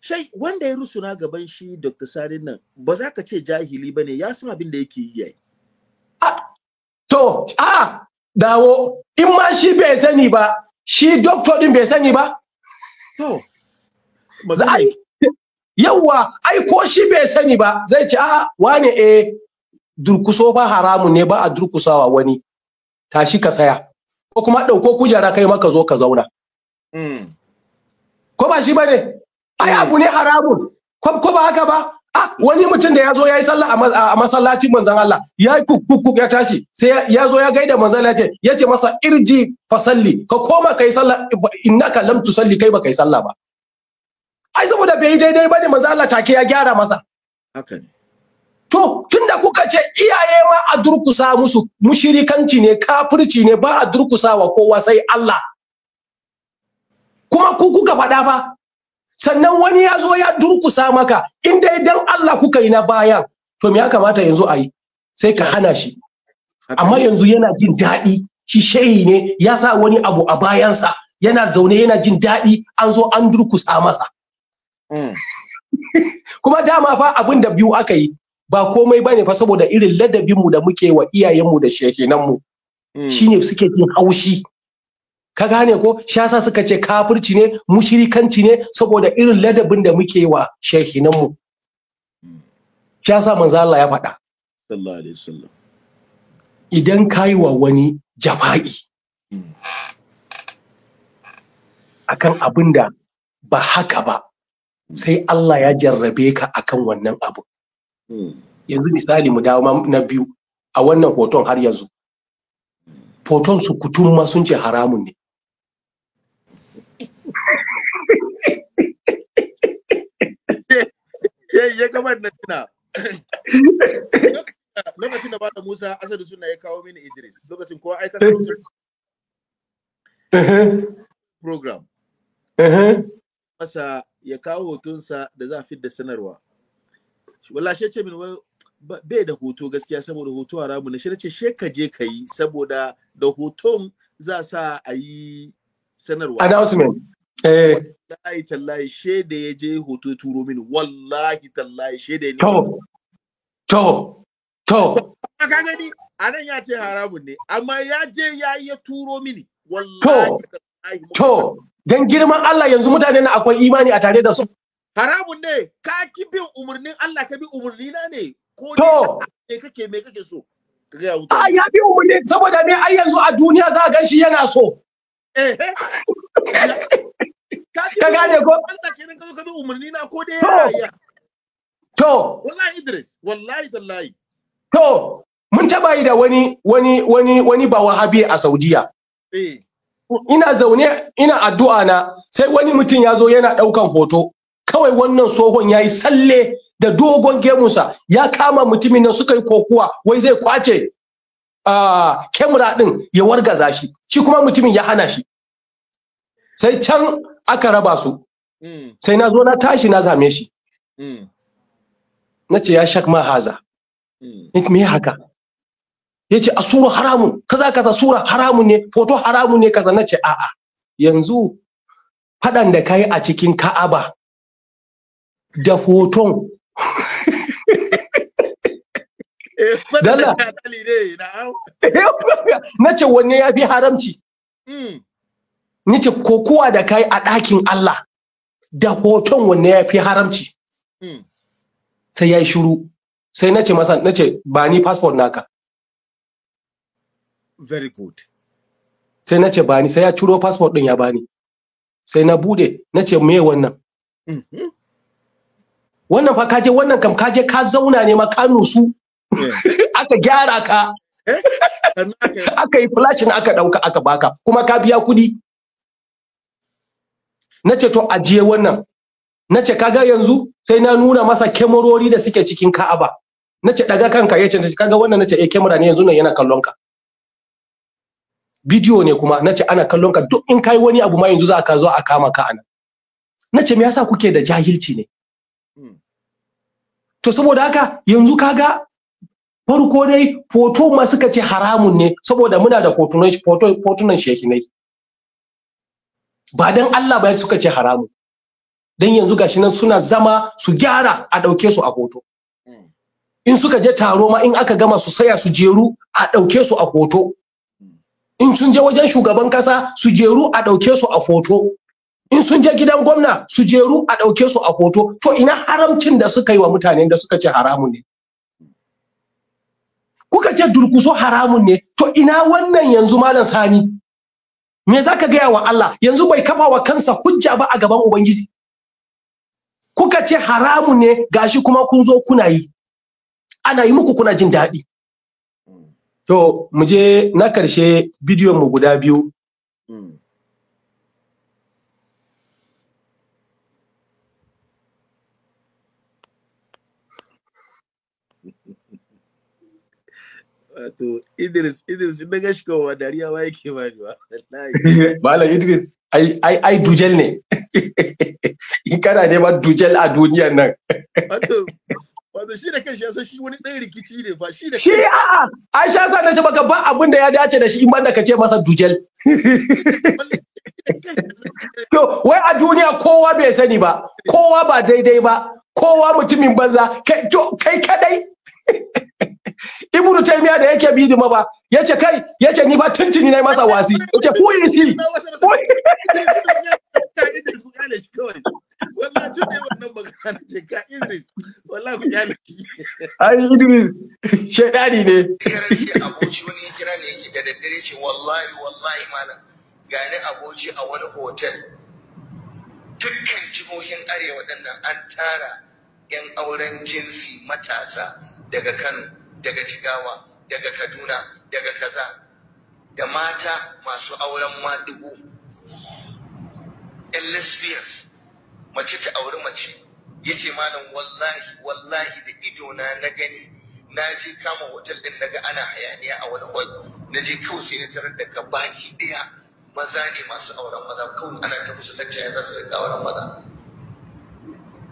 Sai wanda ya rusuna gaban shi Dr. Sarin nan ba za ka ce jahili bane ya san abin da yake yi yayi to a dawo in ma shi bai sani ba shi doctor din bai sani ba to yawwa ai ko shi bai sani ba zai ce a wane eh durkuso ba haramun ne ba a durkusawa wani tashi ka saya ko kuma ɗauko kujera kai maka zo ka zauna hmm. ko ba shi ba ne ai hmm. abu ne haramun ko ba haka ba ah wani mutum da ya zo ya yi sallah a masallacin manzon Allah ya yi kukkuk ya tashi sai ya zo ya gaida manzon Allah ya ce masa irji fasalli ka koma kai sallah innaka lam tusalli kai ba kai sallah ba ai saboda bai daidai bane manzon Allah take ya gyara masa haka ne to tunda kuka ce iyaye ma a durkusa musu mushirikanci ne kafirci ne ba a durkusa wa kowa sai Allah kuma ku kuka faɗa fa sannan wani ya zo ya durkusa maka in dai dan Allah kuka yi na bayan to me ya kamata yanzu a yi sai ka hana shi amma yanzu yana jin daɗi shi shehi ne ya sa wani abu a bayansa yana zaune yana jin daɗi an zo an durkusa masa mm. kuma dama fa abin da biyu aka yi ba komai bane fa saboda irin ladabinmu da muke wa iyayenmu da shehinanmu mm. shine suke jin haushi ka gane ko shi yasa suka ce kafirci ne mushrikanci ne saboda irin ladabin da muke wa shekinanmu. shi yasa manzo Allah ya faɗa sallallahu alaihi wasallam idan kai wa wani jafa'i mm. akan abin da ba haka ba mm. sai Allah ya jarrabe ka akan wannan abu yanzu misali mu dawo na biyu a wannan hoton har yanzu hoton su kutum ma sun ce haramun ne ya gabar na tuna lokacin da bada Musa Asadu suna ya kawo mini Idris lokacin kowa aika program masa ya kawo hotunsa da za a fidda sanarwa wallahi shi ce min wai bai da hoto gaskiya saboda hoto ramu na shi ce she ka je ka yi saboda da hoton za sa a yi sanarwa announcement eh wallahi tallahi she da ya je hoto turo min wallahi tallahi she da ne to to to ka gani anan ya ce haramun ne amma ya je ya yi ya turo mini wallahi to to dan girman Allah yanzu mutane na akwai imani a tare da su haramun ne ka ki bin umarnin Allah ka bi umarni ne ko ne kake me kake so ka a ya bi umarni saboda me ai yanzu a duniya za ka shi yana so eh ka gane ko Allah kenan ka ka bi umarni ko dai ya to wallahi Idris wallahi tallahi to mun taba yi da wani wani wani wani ba wahabi a Saudiya eh ina zaune ina addu'a na sai wani mutum ya zo yana daukan hoto kawai wannan tsohon ya yi salle da dogon gemunsa ya kama mutumin nan suka yi kokuwa wai zai kwace kemura ɗin ya wargaza shi shi kuma mutumin ya hana shi sai can aka raba su hmm. sai na zo na tashi na zame shi hmm. na ce ya shak ma haza hmm. me haka ya ce a sura haramun kaza kaza sura haramun ne hoto haramun ne kaza na ce a'a yanzu faɗan da ka yi a cikin ka'aba da hoton eh, Dala. Na ce wanne ya fi haramci. Hmm. Ni ce kokowa da kai a ɗakin Allah da hoton wanne ya fi haramci. Hmm. Sai ya yi shuru. Sai na ce masa na ce ba ni passport naka. Very good. Sai na ce ba ni sai ya ciro passport ɗin ya bani. Sai na bude na ce me wannan. Mm -hmm. wannan fa kaje wannan kam kaje ka zauna ne ma ka nusu eh. aka gyara ka eh? aka yi flashin aka ɗauka aka baka kuma ka biya kuɗi na ce to ajiye wannan na ce kaga yanzu sai na nuna masa kemarori da suke cikin ka'aba na ce daga kanka ya ce kaga wannan na ce eh kemara ne yanzu nan yana kallon ka bidiyo ne kuma na ce ana kallon ka duk in kai wani abu ma yanzu za ka zo a kama ka anan na ce me yasa kuke da jahilci ne to saboda haka yanzu kaga farko dai hoto ma suka ce haramun ne saboda muna da hotunan shekinai ba don Allah ba suka ce haramun don yanzu gashi nan suna zama su gyara a ɗauke su a hoto hmm. in suka je taro ma in aka gama su saya su jeru a ɗauke su a hoto hmm. in sun je wajen shugaban kasa su jeru a ɗauke su a hoto in sun je gidan gwamna su jeru a ɗauke su a hoto to ina haramcin da suka yi wa mutanen da suka ce haramun ne kuka ce durkuso haramun ne to ina wannan yanzu malam sani me zaka gaya wa Allah yanzu bai kafa wa kansa hujja ba a gaban ubangiji kuka ce haramun ne gashi kuma kun zo kuna yi ana yi muku kuna jin daɗi to mu je na karshe bidiyon mu guda biyu wato Idris Idris na ga shi wa dariya wa yake ba ni ba malam Idris ai ai ai dujel ne in kana ba dujel a duniyar nan wato shi da shi ya san shi wani ɗan rikici ne fa shi da shi a'a ai sha sa na ce baka ba abin da ya dace da shi in banda ka ce masa dujel to wai a duniya kowa bai sani ba kowa ba daidai ba kowa mutumin banza kai kadai ibnu taymiya da yake bidi ma ba yace kai yace ni ba tuntuni nayi masa wasi yace who is he ai idris shedani ne aboci wani kira ne yake da daddare shi, wallahi wallahi malam gani aboci a wani hotel dukkan jihohin arewa ɗannan an tara 'yan auren jinsi matasa daga Kano, daga Jigawa, daga Kaduna, daga kaza, da mata masu auren maɗigo. 'Yan lesbians, mace ta auri mace, ya ce malam wallahi, wallahi da idona na gani, na je kama hotel ɗin daga ana hayaniya a wani hol, na je kawai sai na tarar daga baki ɗaya maza ne masu auren maza, kawai ana ta musu lacca ya za su auren maza.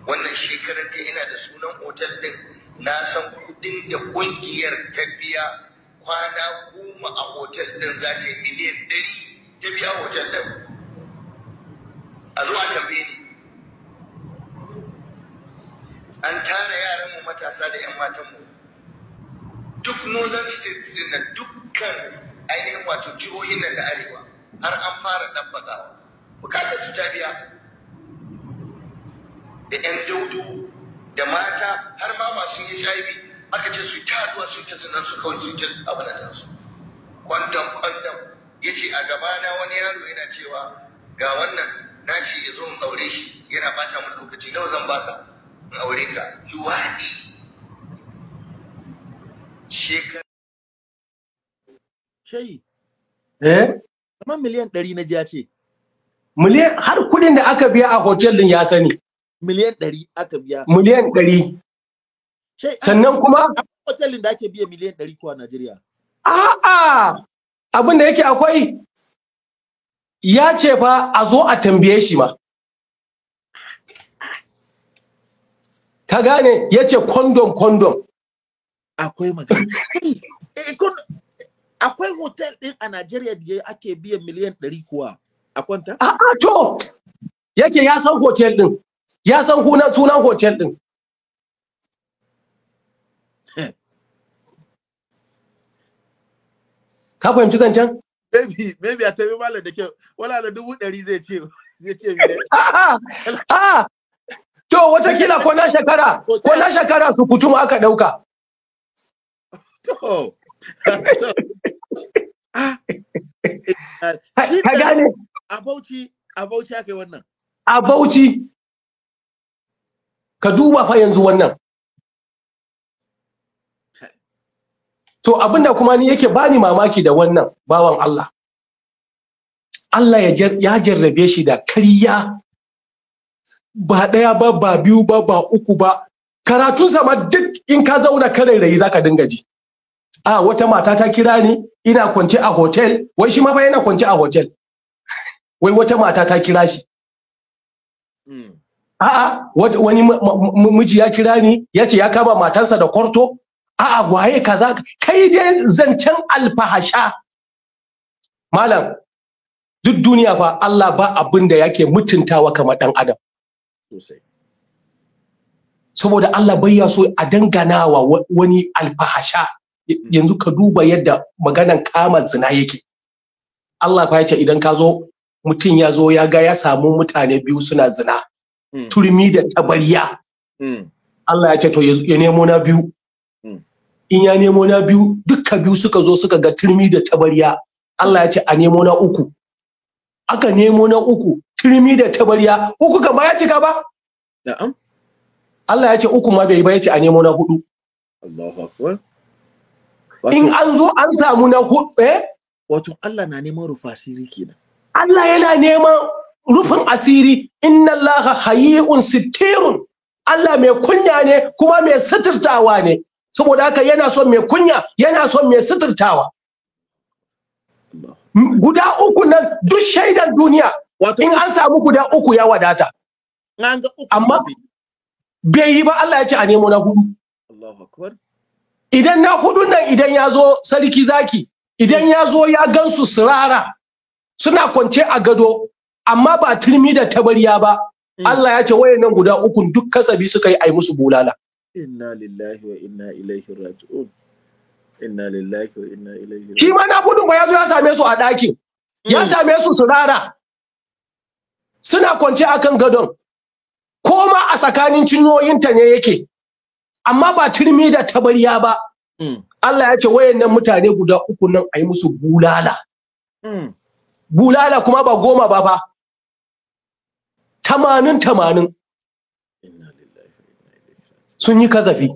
wannan shekarar ta ina da sunan otal din na san kudin da kungiyar ta biya kwana goma a otal din za ta yi miliyan ɗari ta biya otal din a zuwa tambaye ni an tara yaran mu matasa da 'yan matanmu duk northern state din na dukkan ainihin wato jihohin nan da arewa har an fara dabbaga bukatar su ta biya da 'yan daudu da mata har ma masu hiv aka ce su ta haduwa su ta zanen su kawai su ta abu da su kwandam kwandam ya ce a gabana wani yaro yana cewa ga wannan na ce ya zo aure shi yana bata min lokaci nawa zan baka in aure ka yi shekara shayi eh kamar miliyan ɗari na ja ce miliyan har kuɗin da aka biya a hotel din ya sani miliyan ɗari aka biya miliyan ɗari sannan kuma hotelin da ake biya miliyan ɗari ko a Najeriya a'a abin da yake akwai ya ce fa a zo a tambaye shi ma ka gane ya ce kondom kondom akwai magana eh, akwai hotel din a Najeriya da ake biya miliyan ɗari kuwa a kwanta? A'a to yake ya san hotel din. ya san sunan hotel din ka fahimci zancen maybe maybe a tabi malam da kyau wala da dubu ɗari zai ce zai ce a'a ah, ah. to wata kila ko na shekara ko na shekara su kutu mu aka ɗauka to ka gane a bauchi a bauchi aka yi wannan a bauchi ka duba fa yanzu wannan to abinda kuma ni yake bani mamaki da wannan bawan Allah Allah ya jarrabe shi da karya ba ɗaya ba ba biyu ba ba uku ba karatunsa ma duk in ka zauna kare rayi zaka dinga ji a wata mata ta kira ni ina kwance a hotel wai shi ma fa yana kwance a hotel wai wata mata ta kira shi a'a wani miji ya kira ni ya ce ya kama matansa da kwarto a'a waye kaza kai dai zancen alfahasha malam duk duniya fa Allah ba abin da yake mutuntawa kamar ɗan adam saboda Allah bai ya so a wa wani alfahasha mm. yanzu ka duba yadda maganan kama zina yake Allah fa ya ce idan ka zo mutum ya zo ya ga ya samu mutane biyu suna zina Mm. turmi da tabarya mm. Allah ya ce to ya nemo na biyu mm. in ya nemo na biyu dukka biyu suka zo suka ga turmi da tabarya Allah ya ce a nemo na uku aka nemo na uku turmi da tabarya uku kan ba ya cika ba na'am Allah ya ce uku ma bai ba ya ce a nemo na hudu Allahu akbar in an zo an samu na hudu eh wato Allah na neman rufasiri kenan Allah yana neman rufin asiri inna laha hayi'un sittirun Allah mai kunya ne kuma mai suturtawa ne saboda haka yana son mai kunya yana son mai suturtawa guda uku nan duk shaidan duniya in an samu guda uku ya wadata amma bai yi ba Allah ya ce a nemo na hudu idan na hudun nan idan ya zo sarki zaki idan ya zo ya gansu sirara suna kwance a gado amma ba turmi da tabariya ba hmm. Allah ya ce wayannan guda uku duk kasabi suka yi ai musu bulala inna lillahi wa inna ilaihi raji'un inna lillahi wa inna ilaihi raji'un kima na gudun ba yazo ya same su a daki ya hmm. same su su rara suna kwance akan gadon ko ma a tsakanin ta ne yake amma ba turmi da tabariya ba hmm. Allah ya ce wayannan mutane guda uku nan a yi musu bulala. Bulala kuma ba goma ba ba. tamanin tamanin sun yi kazafi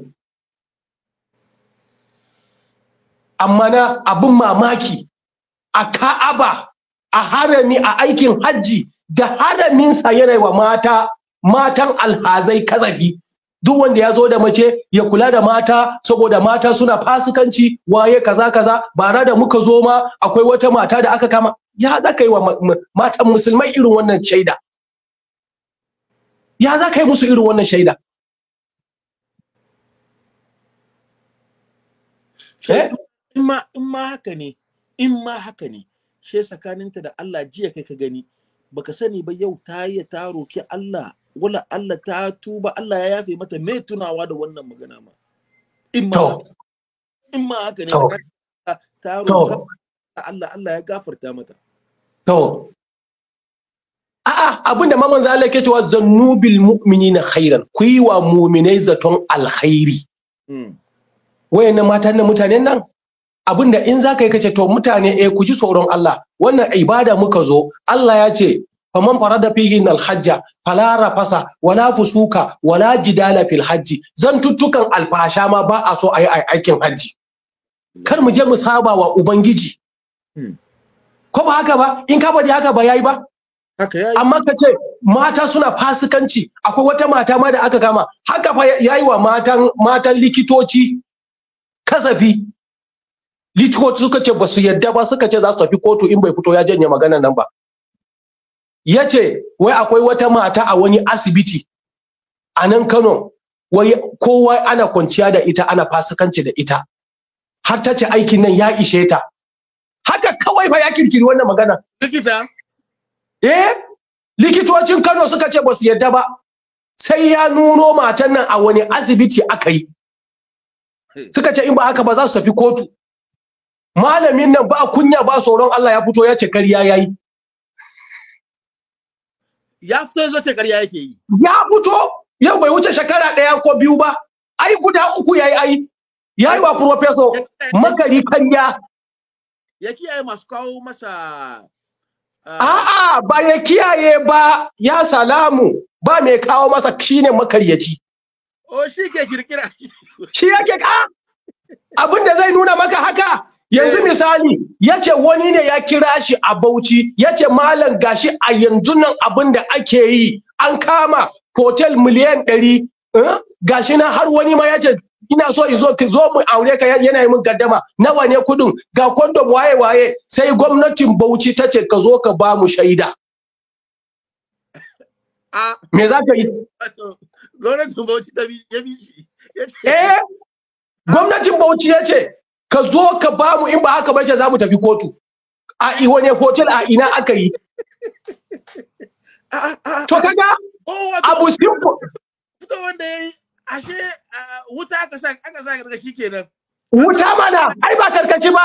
amma na abin mamaki a ka'aba a harami a aikin hajji da sa yana wa mata matan alhazai kazafi duk wanda ya zo da mace ya kula da mata saboda mata suna fasikanci waye kaza kaza bara da muka zo ma akwai wata mata da aka kama ya za yi wa matan musulmai irin wannan shaida ya za ka yi musu irin wannan shaida eh? in ma haka ne in ma haka ne tsakaninta da Allah jiya kai ka gani baka sani ba yau ta yi ta roki Allah wala Allah ta tuba Allah ya yafe mata me tunawa da wannan magana ma in ma in ma haka ne ta roka Allah Allah ya gafarta mata to a'a abinda da manzo Allah yake cewa zannubil mu'minina khairan ku yi wa mu'minai zaton alkhairi hmm. wayannan mata na mutanen nan abinda in za zaka yi kace to mutane eh ku ji tsoron Allah wannan ibada muka zo Allah ya ce faman farada fihi nal hajja fala rafasa wala fusuka wala jidala fil hajji zan tuttukan alfasha ma ba a so ayi aikin hajji kar mu je mu saba wa ubangiji hmm. ko ba haka ba in ka bari haka ba yayi ba amma ka ce mata suna fasikanci akwai wata mata ma da aka kama haka fa yayi wa matan matan likitoci kasafi likitoci suka ce ba su yadda ba suka ce za su tafi kotu in bai fito ya janye maganar nan ba ya ce wai akwai wata mata a wani asibiti a nan kano wai kowa ana kwanciya da ita ana fasikanci da ita har ta ce aikin nan ya ishe ta haka kawai fa ya kirkiri wannan magana eh likitocin Kano suka ce ba su yadda ba sai ya nuno matan nan a wani asibiti aka yi suka ce in ba haka ba za su tafi kotu malamin nan ba kunya ba tsoron Allah ya fito ya ce karya yayi ya fito ya ce karya yake yi ya fito yau bai wuce shekara ɗaya ko biyu ba ai guda uku yayi ai yayi wa professor makari karya ya kiyaye masu kawo masa A'a ba ya kiyaye ba ya salamu ba mai kawo masa shine makaryaci. O oh, shi ke kirkira. Shi yake ka? Abin da zai nuna maka haka yanzu eh. misali ya ce wani ne ya kira shi a bauchi yace ce malam gashi a yanzu nan abin da ake yi an kama hotel miliyan ɗari eh, gashi na har wani ma ya ina so in zo ki zo mu aure ka yana yi min gaddama nawa ne kudin ga kondom waye waye sai gwamnatin Bauchi ta ce ka zo ka ba mu shaida me za ka yi Lawrence Bauchi ta bi ya bi shi eh gwamnatin Bauchi ya ce ka zo ka ba mu in ba haka ba za mu tafi kotu a wane hotel a ina aka yi to kaga oh, abu simple fito wanda yayi ashe wuta kenan wuta mana ai ba karkaci ba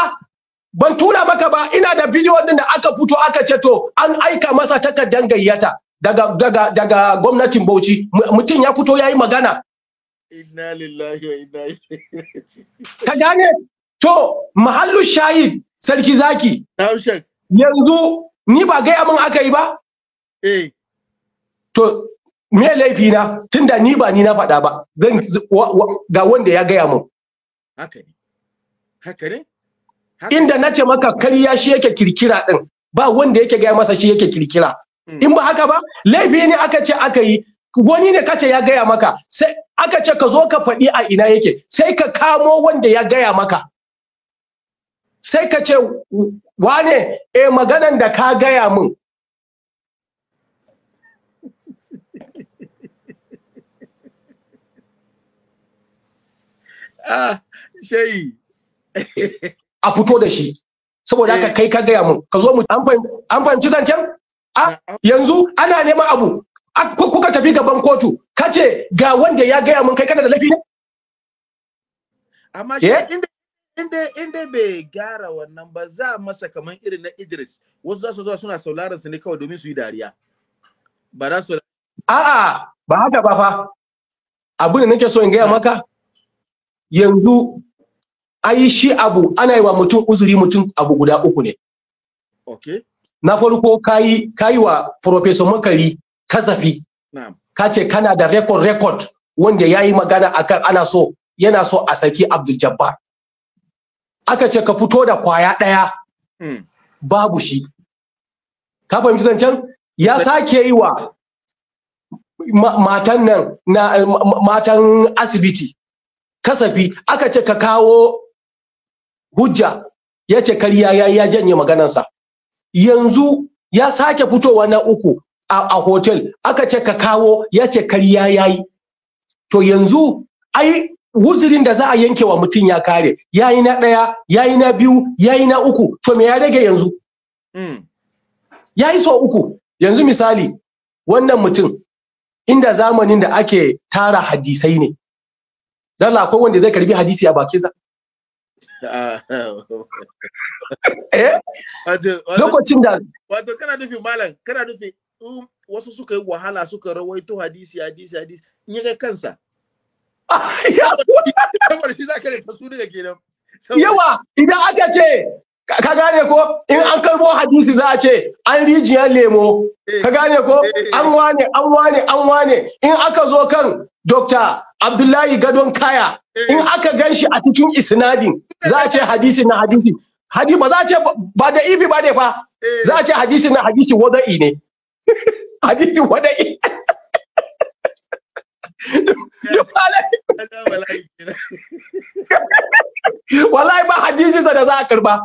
ban tura maka ba ina da bidiyo din da aka fito aka ce to an aika masa takardar gayyata daga daga daga gwamnatin Bauchi mutum ya fito yayi magana inna lillahi wa inna ilaihi ka gane to mahallu shahid sarki zaki yanzu ni ba gaya min aka yi ba eh to me laifi na tunda ni ba ni na faɗa ba zan ga wanda ya gaya mu haka ne haka ne inda na maka kariya shi yake kirkira din ba wanda yake gaya masa shi yake kirkira hmm. in ba haka ba laifi ne aka ce aka yi wani ne kace ya gaya maka sai aka ce ka zo ka faɗi a ina yake sai ka kamo wanda ya gaya maka sai ka ce wane eh maganan da ka gaya min Ah, a fito da shi saboda haka eh. kai ka gaya mu ka zo mu an fahimci zancen a ah, yanzu ana neman abu ah, kuka tafi gaban kotu ka ce ga wanda ya gaya mun kai kana da laifi amma eh? inda bai gyara wannan ba za masa kamar irin na Idris wasu za su zuwa suna sauraron su ne kawai domin su yi dariya ba za su a'a ba haka ba fa abin da nake so in gaya maka yanzu ai shi abu ana yi wa mutum uzuri mutum abu guda uku ne okay. na farko kayi kayi wa professor makari kazafi ka ce kana da record record wanda ya yi magana akan ana so yana so a saki abdul jabbar aka ce ka fito da kwaya ɗaya mm. babu shi ka fahimci zancen ya sake yi wa matan nan na matan asibiti kasafi aka ce ka kawo hujja ya ce karya ya ya janye maganansa yanzu ya sake fitowa na uku a, a hotel aka ce ka kawo ya ce karya ya yi to yanzu ai wuzirin da za a yanke wa mutum ya kare ya yi na ɗaya ya yi na biyu ya yi na uku to me ya rage yanzu mm. ya yi so uku yanzu misali wannan mutum inda zamanin da ake tara hadisai ne dan Allah akwai wanda zai karbi hadisi a bakinsa eh lokacin da wato kana nufi malam kana nufi wasu suka yi wahala suka rawaito hadisi hadisi hadisi in ya kai kansa yawa idan aka ce ka gane ko in an karbo hadisi za a ce an rijiyar lemo eh. ka gane ko eh. an wane an wane an wane in aka zo kan dokta Abdullahi gadon kaya in eh. aka gan shi a cikin isnadin za a ce hadisi na hadisi hadi ba za a ce ba da ibi ba ne fa eh. za a ce hadisi na hadisi wada'i ne hadisi wada'i wallahi ba hadisi sa da za a karba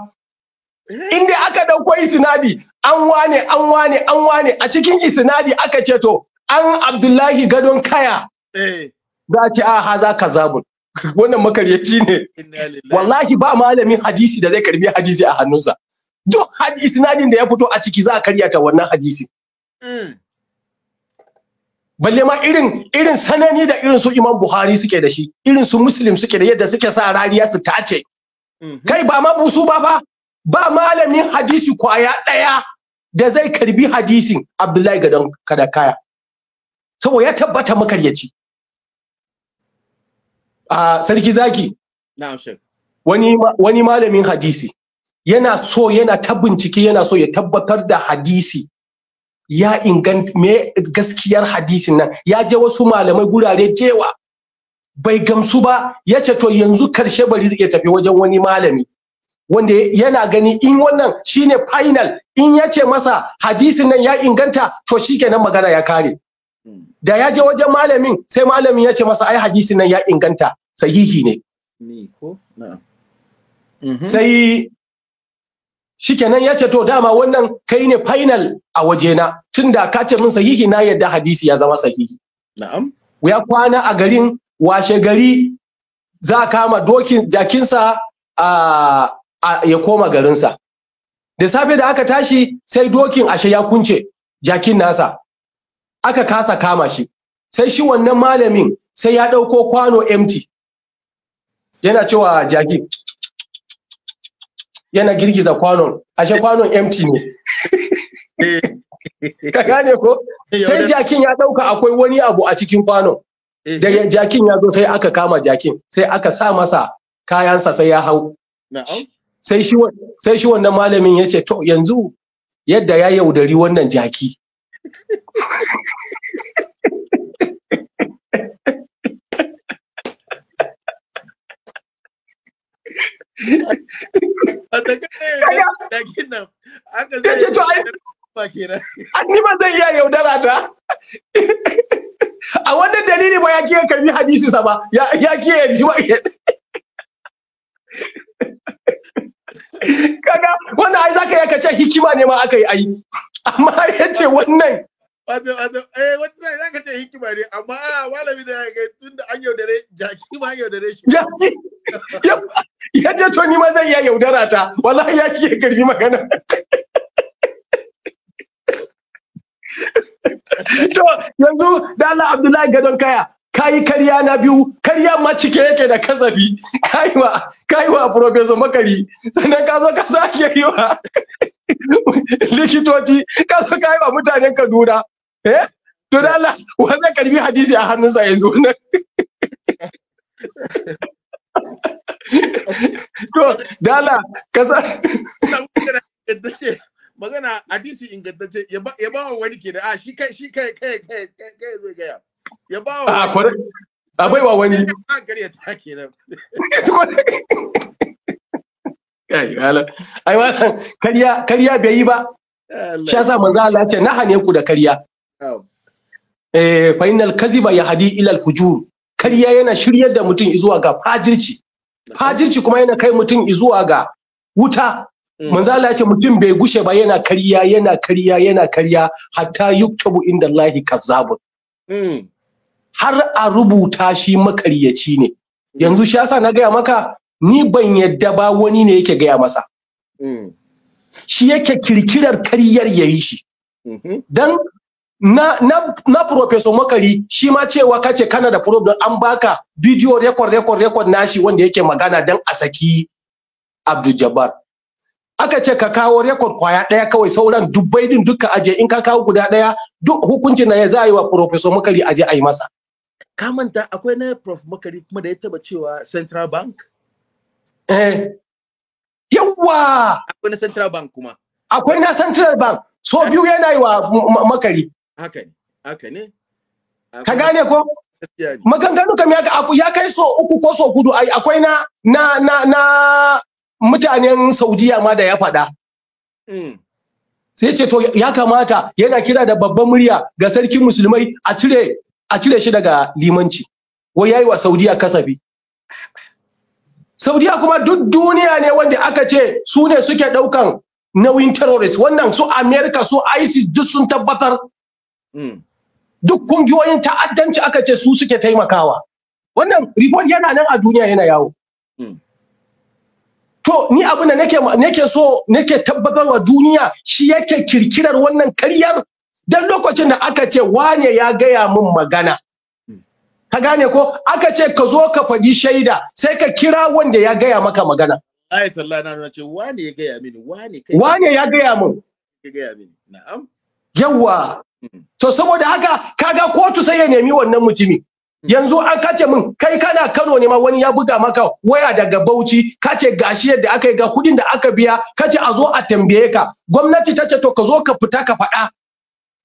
eh. Inda aka dauko isnadi an wane an wane an wane a cikin isnadi aka ce to an Abdullahi gadon kaya za a ce a ah, haza kazabun wannan makaryaci ne wallahi ba malamin hadisi da zai karbi hadisi a hannunsa duk isnadin da ya fito a ciki za a karya ta wannan hadisi mm. balle ma irin irin sanani da irin su imam buhari suke da shi irin su muslim suke da yadda suke sa rariya su tace mm-hmm. kai ba ma busu ba fa ba malamin hadisi kwaya ɗaya da zai karbi hadisin abdullahi gadon kada kaya saboda ya tabbata makaryaci a sarki zaki wani malamin hadisi yana so yana ta bincike yana so ya tabbatar da hadisi ya inganta me gaskiyar hadisin nan ya je wasu malamai gurare cewa bai gamsu ba yace to yanzu karshe bari zai tafi wajen wani malami wanda yana gani in wannan shine final in ya ce masa hadisin nan ya inganta to shi shikenan magana ya kare da ya je wajen malamin sai malamin ya ce masa ai hadisin nan ya inganta sahihi ne mhm. sai shikenan ya ce to dama wannan kai ne final a wajena tun da ka ce min sahihi na yadda hadisi ya zama sahihi ya kwana a garin washe gari za kama dokin jakinsa a ya koma garinsa da safe da aka tashi sai dokin ashe ya kunce jakin nasa aka kasa kama shi sai shi wannan malamin sai ya ɗauko kwano empty yana cewa jaki yana girgiza kwanon ashe kwanon empty ne ka gane ko eh, sai jakin ya ɗauka akwai wani abu a cikin kwanon eh, da eh. jakin ya zo sai aka kama jakin sai aka sa masa kayansa sai ya hau sai shi wannan malamin ya ce to yanzu yadda ya yaudari wannan jaki a tsakanin zai iya yaudara ta a wannan dalili ba ya kiyaye karbi hadisi sa ba ya kiyaye ji ba kaga wannan ai zaka yi ka ce hikima ne ma aka yi ai amma ya ce wannan wato wato eh wato sai zaka ce hikima ne amma malami da ya tun da an yaudare jaki ma yaudare shi jaki ya ce to ni ma zai iya yaudara ta wallahi ya kike karbi magana to yanzu da Allah Abdullahi gadon kaya kayi kariya na biyu kariya ma cike yake da kasafi kaiwa kaiwa professor makari sannan ka zo ka sake yi wa likitoci ka zo ka yi wa mutanen kaduna eh to da Allah wa zai karbi hadisi a hannunsa yanzu nan to da Allah ka sa magana hadisi ingantacce ya ba wa wani ke da a shi kai shi kai kai kai kai zai gaya ya ba wa wani a bai wa wani a gare ta kenan kai ala ai wannan kariya kariya bai yi ba shi yasa manzo Allah ya ce na hane ku da kariya eh fa innal kadhiba yahdi ila al fujur kariya yana shiryar da mutum zuwa ga fajirci fajirci kuma yana kai mutum zuwa ga wuta mm. manzo Allah ya ce mutum bai gushe ba yana kariya yana kariya yana kariya hatta yuktabu inda Allah kazzabun mm. har a rubuta shi makaryaci ne yanzu shi yasa na gaya maka ni ban yadda ba wani ne yake gaya masa mm. shi yake kirkirar karyar yayi shi mm-hmm. dan na na na professor makari shi ma cewa kace kana da problem an baka bidiyo record record record nashi wanda yake magana dan a saki Abdul Jabbar aka ce ka kawo rekod kwaya ɗaya kawai sauran dubbai din duka aje in ka kawo guda ɗaya duk hukuncin na ya za a wa professor makari aje a masa ka manta akwai na prof makari kuma da ya taba cewa central bank eh yawa akwai na central bank kuma akwai na central bank so biyu yana yi wa makari haka ne haka ne ka gane ko maganganu kam ya kai so uku ko so ai akwai na na na na mutanen saudiya ma da ya faɗa mm. sai ce to ya kamata yana kira da babban murya ga sarkin musulmai a cire a cire shi daga limanci wai yayi wa saudiya kasafi saudiya kuma duk duniya ne wanda aka ce su ne suke daukan nauyin terrorist wannan su america su isis duk sun tabbatar hmm. duk kungiyoyin ta'addanci aka ce su suke taimakawa wannan report yana nan a duniya yana yawo hmm. to ni abin da nake so nake tabbatarwa duniya shi yake kirkirar wannan karyar dan lokacin da aka ce wane ya gaya min magana hmm. ka gane ko aka ce ka zo ka faɗi shaida sai ka kira wanda ya gaya maka magana talla na ce wane ya gaya mini wane kai wane ya gaya min ya mini na'am yawa hmm. to saboda haka kaga kotu sai ya nemi wannan mutumi hmm. yanzu an kace min kai kana Kano ne ma wani ya buga maka waya daga Bauchi kace gashi yadda aka yi ga kudin da aka biya kace a zo a tambaye ka gwamnati ta ce to ka zo ka fita ka faɗa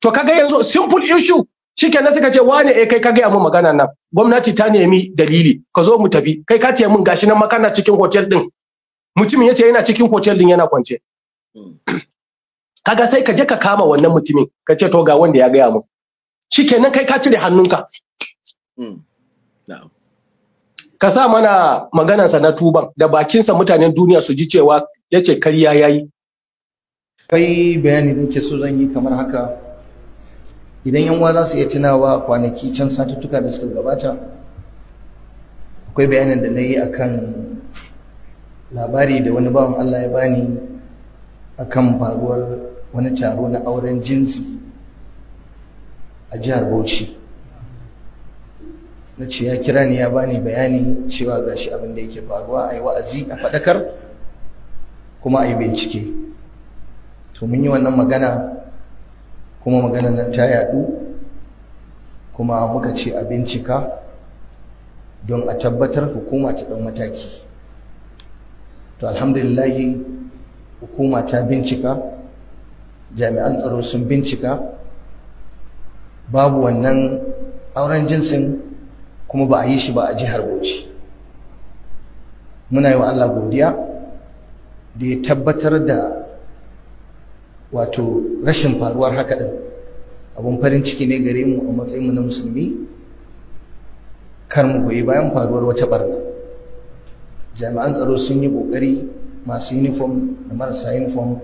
to kaga yanzu simple issue shikenan suka ce wane eh kai ka gaya mun magana nan gwamnati ta nemi dalili ka zo mu tafi kai ka ce mun gashi nan makana cikin hotel din mutumin yace yana cikin hotel din yana kwance kaga sai ka je ka kama wannan mutumin ka ce to ga wanda ya gaya mun shikenan kai ka cire hannunka hmm. ka sa mana maganarsa na tuban da bakinsa mutanen duniya su ji cewa yace karya yayi kai bayani da ke so zan yi kamar haka idan yan uwa za su iya tunawa kwanaki can satuttuka da suka gabata akwai bayanin da na yi akan labari da wani bawan Allah ya bani akan faruwar wani taro na auren jinsi a jihar Bauchi na ce ya kira ni ya bani bayani cewa ga shi abin da yake faruwa a yi wa'azi a faɗakar kuma a yi bincike to mun yi wannan magana kuma maganan nan ta yadu kuma muka ce a bincika don a tabbatar hukuma ta ɗan mataki to alhamdulillahi hukuma ta bincika jami'an tsaro sun bincika babu wannan auren jinsin kuma ba a yi shi ba a jihar bauchi muna yi wa allah godiya da ya tabbatar da wato rashin faruwar haka din abun farin ciki ne gare mu a matsayin mu na musulmi kar mu goyi bayan faruwar wata barna jami'an tsaro sun yi kokari masu uniform da marasa uniform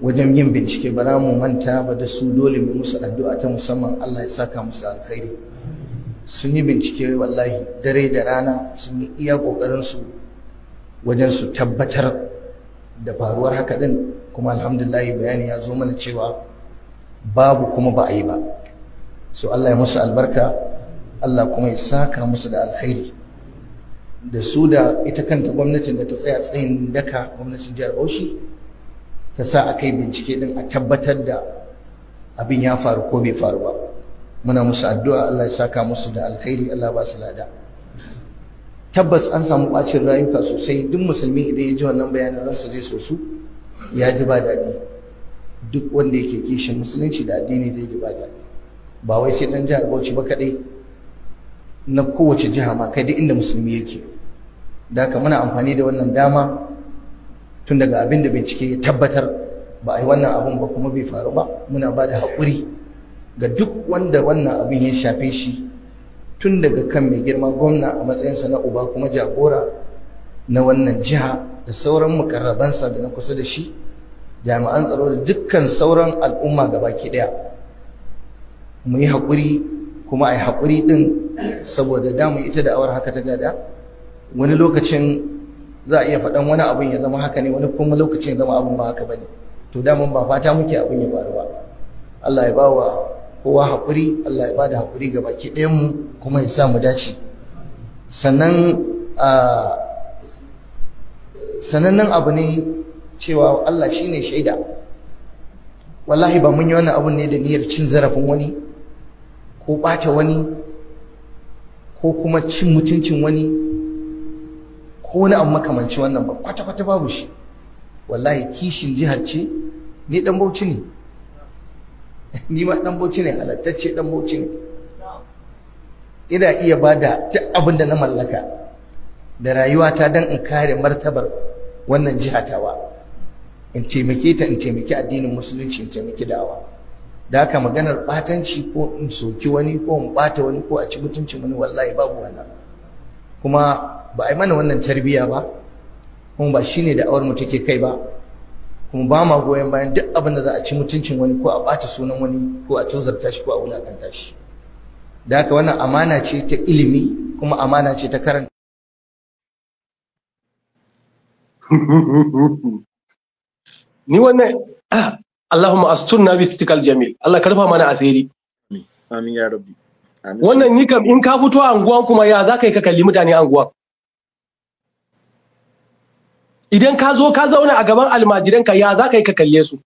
wajen yin bincike ba za mu manta ba da su dole mu musu addu'a ta musamman Allah ya saka musu alkhairi sun yi bincike wallahi dare da rana sun yi iya kokarin su wajen su tabbatar da faruwar haka din kuma alhamdulillah bayani ya zo mana cewa babu kuma ba a yi ba so Allah ya musu albarka Allah kuma ya saka musu da alkhairi da su da ita kanta gwamnatin da ta tsaya tsayin daka gwamnatin jihar Bauchi ta sa a kai bincike din a tabbatar da abin ya faru ko bai faru ba muna musu addu'a Allah ya saka musu da alkhairi Allah ba su lada tabbas an samu bacin rayuka sosai duk musulmi idan ya ji wannan bayanin ransa zai so su ya ji ba daɗi duk wanda yake kishin musulunci da addini zai ji ba daɗi ba wai sai ɗan jihar Bauchi ba kaɗai na kowace jiha ma kai duk inda musulmi yake da haka muna amfani da wannan dama tun daga abin da bincike ya tabbatar ba a yi wannan abun ba kuma bai faru ba muna ba da haƙuri ga duk wanda wannan abin ya shafe shi tun daga kan mai girma gwamna a matsayinsa na uba kuma jagora na wannan jiha da sauran mukarrabansa da na kusa da shi jami'an tsaro da dukkan sauran al'umma baki daya mu yi haƙuri kuma a yi haƙuri ɗin saboda damu ita da awar haka ta gada wani lokacin za a iya faɗan wani abin ya zama haka ne wani kuma lokacin ya zama abin ba haka ba to daman ba fata muke abin ya faru ba Allah ya ba wa kowa haƙuri Allah ya ba da haƙuri ga baki mu kuma ya sa mu dace sannan a ah, sanannen abu ne cewa Allah shi ne shaida wallahi ba mun yi wannan abu ne da niyyar cin zarafin wani ko ɓata wani ko kuma cin mutuncin wani ko wani abu makamanci wannan ba kwata-kwata babu shi wallahi kishin jihar ce ni dan bauchi ne ni ma dan bauchi ne halattacce dan bauchi ne ina iya bada duk abin da na mallaka da rayuwata don in kare martabar wannan jihatawa in taimake ta in taimaki addinin musulunci in taimaki dawa, da haka maganar batanci ko in soki wani ko in bata wani ko a ci mutuncin wani wallahi babu wannan kuma ba a yi mana wannan tarbiyya ba kuma ba shine da awar mu take kai ba kuma ba ma goyon bayan duk abin da za a ci mutuncin wani ko a bata sunan wani ko a tozarta shi ko a wulakanta shi da haka wannan amana ce ta ilimi kuma amana ce ta karanta ni wannan Allahumma asturna bi istikal jamil Allah karfa mana asiri amin ya rabbi wannan ni kam in ka fito anguwan kuma ya za ka yi ka kalli mutane unguwan? idan ka zo ka zauna a gaban almajiran ka ya za ka yi ka kalle su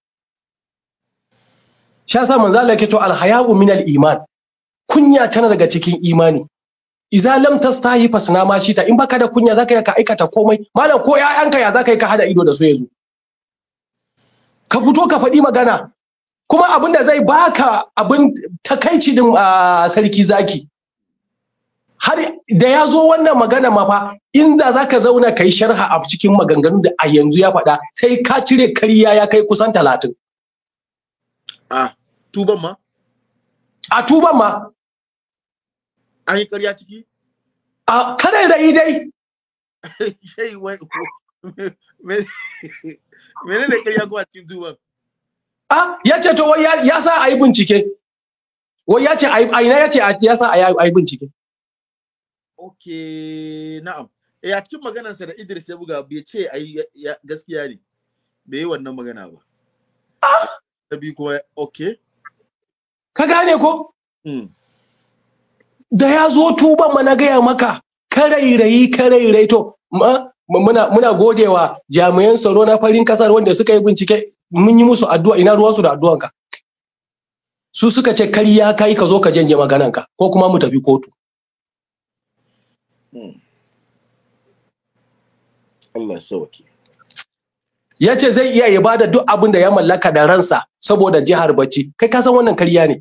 sha sa manzo Allah yake to alhaya'u minal iman kunya tana daga cikin imani iza lam tastahi fasna ma shita in baka da kunya zaka ka aikata komai malam ko ƴaƴanka ya zaka yi ka hada ido da su zo? ka fito ka faɗi magana kuma abin da zai baka abin takaici din sarki zaki har da ya zo wannan magana ma fa inda zaka zauna kai sharha a cikin maganganun da a yanzu ya faɗa sai ka cire kariya ya kai kusan talatin a tuban ma a tuban ma an yi ƙarya ciki a kada da yi dai shai wani mene ne ƙarya kuma cikin duban a ya ce to ya sa a yi bincike wai ya ce a ina ya ce ya sa a yi bincike ok na'am E, a cikin maganarsa da Idris ya buga bai ce ai gaskiya ne bai yi wannan magana ba ah ta bi ok ka gane ko mm. da ya zo tuban ma na gaya maka karairayi karairayi to muna muna godewa jami'an tsaro na farin kasar wanda suka yi bincike mun yi musu addu'a ina ruwansu da addu'anka su suka ce karya kai ka zo ka janye ka ko kuma mu tafi kotu hmm. Allah sauke ya ce zai iya ibada bada duk abin da ya mallaka da ransa saboda jihar bacci kai ka san wannan karya ne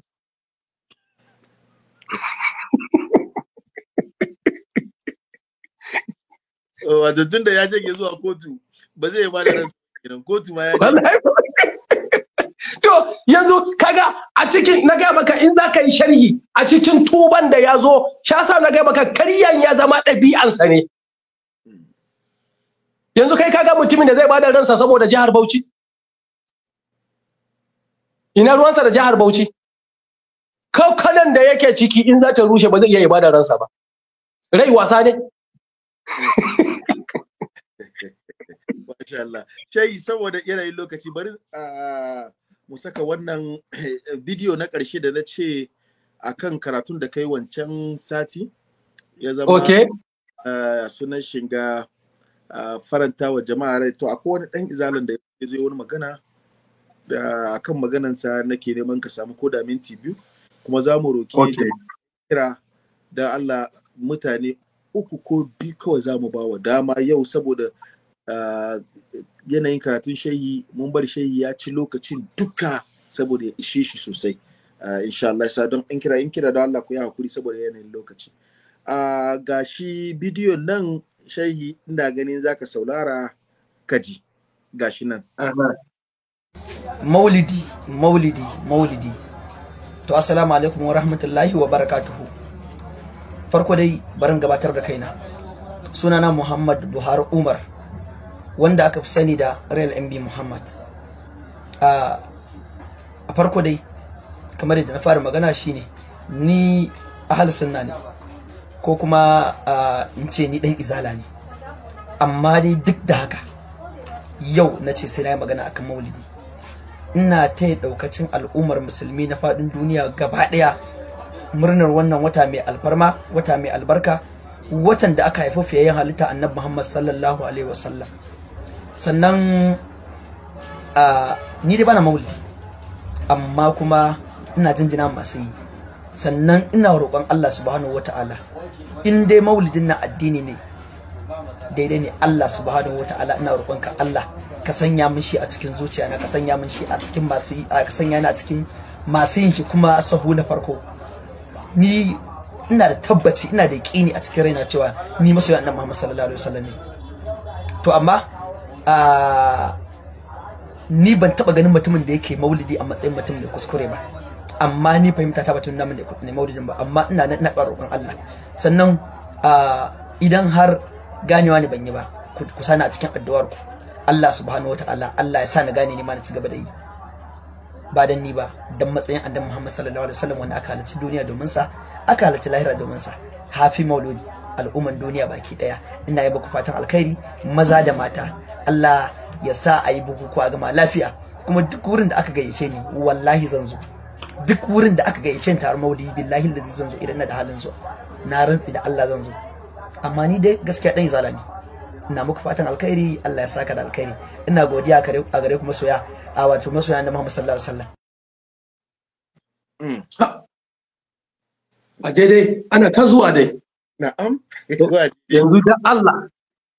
wato tun da ya ce zuwa kotu ba zai ba da nan kotu ma ya to yanzu kaga a cikin na gaya maka in za ka yi sharhi a cikin tuban da ya zo shasa na gaya maka karyan ya zama ɗabi'ansa ne yanzu kai kaga mutumin da zai bada ransa saboda jihar bauchi ina ruwansa da jihar bauchi kaukanan da yake ciki in za ta rushe ba zai iya ibada ransa ba rai wasa ne insha Allah shayi saboda yanayin lokaci bari mu saka wannan eh, bidiyo na ƙarshe da na ce akan karatun da kai wancan sati ya zama okay. uh, sunan shiga uh, faranta wa jama'a rai to akwai wani ɗan izalin da ya zo wani magana da akan maganansa nake neman ka samu ko da minti biyu kuma za mu roki da kira da Allah mutane uku ko biyu kawai za mu ba wa dama yau saboda Ah, yanayin karatun shayi mun bar shayi ya ci lokacin duka saboda ya ishe shi sosai ah, insha Allah sa don an kira in kira da Allah ku yi hakuri saboda yanayin lokaci ah, ga shi bidiyon nan shayi inda ganin zaka saulara kaji ga nan maulidi maulidi maulidi to assalamu alaikum wa rahmatullahi wa barakatuhu farko dai barin gabatar da kaina sunana muhammad buhari umar wanda aka fi sani da real mb muhammad a farko dai kamar yadda na fara magana shine ni ahal sunna ne ko kuma in ce ni dan izala ne amma dai duk da haka yau na ce sai na yi magana akan maulidi ina ta daukacin al'ummar musulmi na faɗin duniya gaba ɗaya murnar wannan wata mai alfarma wata mai albarka watan da aka haifi yin halitta annabi muhammad sallallahu alaihi wasallam sannan ni dai bana maulidi amma kuma ina jinjina masu yi sannan ina roƙon Allah subhanahu wata'ala in dai maulidin na addini ne daidai ne Allah subhanahu wata'ala ina roƙon ka Allah ka sanya min shi a cikin zuciya na ka sanya min shi a cikin masu yi ka sanya ni a cikin masu yin shi kuma sahu na farko ni ina da tabbaci ina da yaƙini a cikin raina cewa ni masoyin annabi Muhammad sallallahu alaihi wasallam ne to amma ni ban taba ganin mutumin da yake maulidi a matsayin mutum mai kuskure ba amma ni fahimta ta batun namun da maulidin ba amma ina na roƙon Allah sannan idan har ganewa ne ban yi ba ku sani a cikin addu'ar ku Allah subhanahu wataala Allah ya sa na gane ni ma na ci gaba da yi ba dan ni ba dan matsayin annabi Muhammad sallallahu alaihi wasallam wanda aka halarci duniya domin sa aka halarci lahira domin sa hafi mauludi al'umman duniya baki daya ina yi baku fatan alkhairi maza da mata Allah ya sa a yi bukukuwa gama lafiya kuma duk wurin da aka gayyace ni wallahi zan zo duk wurin da aka gayyace ni taron maudi billahi da zan zo idan na da halin zuwa na rantsi da Allah zan zo amma ni dai gaskiya dan zala ne ina muku fatan alkhairi Allah ya saka da alkhairi ina godiya a gare ku masoya a wato masoya na Muhammad sallallahu alaihi wasallam ba hmm. dai ana ta zuwa dai na'am yanzu da Allah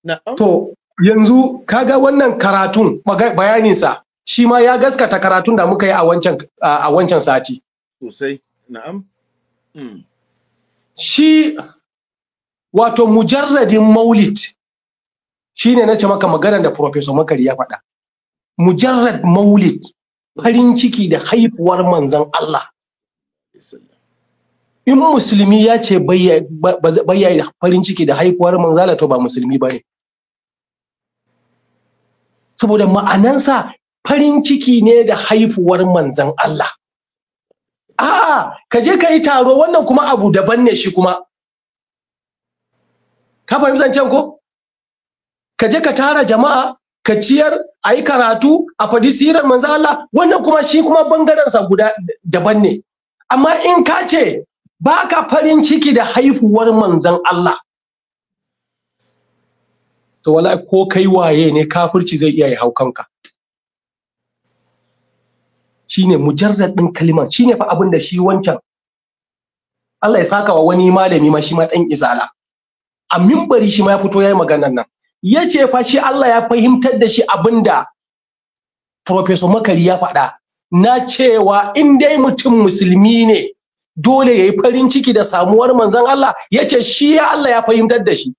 na'am to yanzu kaga wannan karatun bayaninsa shi ma ya gaskata karatun da muka yi a wancan sati sosai na'am hmm. shi wato mujarradin maulid shine na ce maka maganar da professor makari ya faɗa mujarrad maulid farin ciki da haifuwar manzan Allah in musulmi ya ce bayya farin ciki da haifuwar manzala to ba musulmi ba ne saboda ma'anansa farin ciki ne da haifuwar manzan Allah a'a ka je ka yi taro wannan kuma abu daban ne shi kuma ka fahimci zancen ko ka je ka tara jama'a ka ciyar a yi karatu a faɗi sirar manzan Allah wannan kuma shi kuma bangarensa guda daban ne amma in ka ce ba ka farin ciki da haifuwar manzan Allah to wala ko kai waye ne kafirci zai iya ya hau kanka shine mujarrad din kaliman shine fa abin da shi wancan Allah ya saka wa wani malami ma shi ma dan izala a mimbari shi ma ya fito yayi maganar nan yace fa shi Allah ya fahimtar da shi abinda professor Makari ya faɗa na cewa in dai mutum musulmi ne dole yayi farin ciki da samuwar manzon Allah yace shi Allah ya fahimtar da shi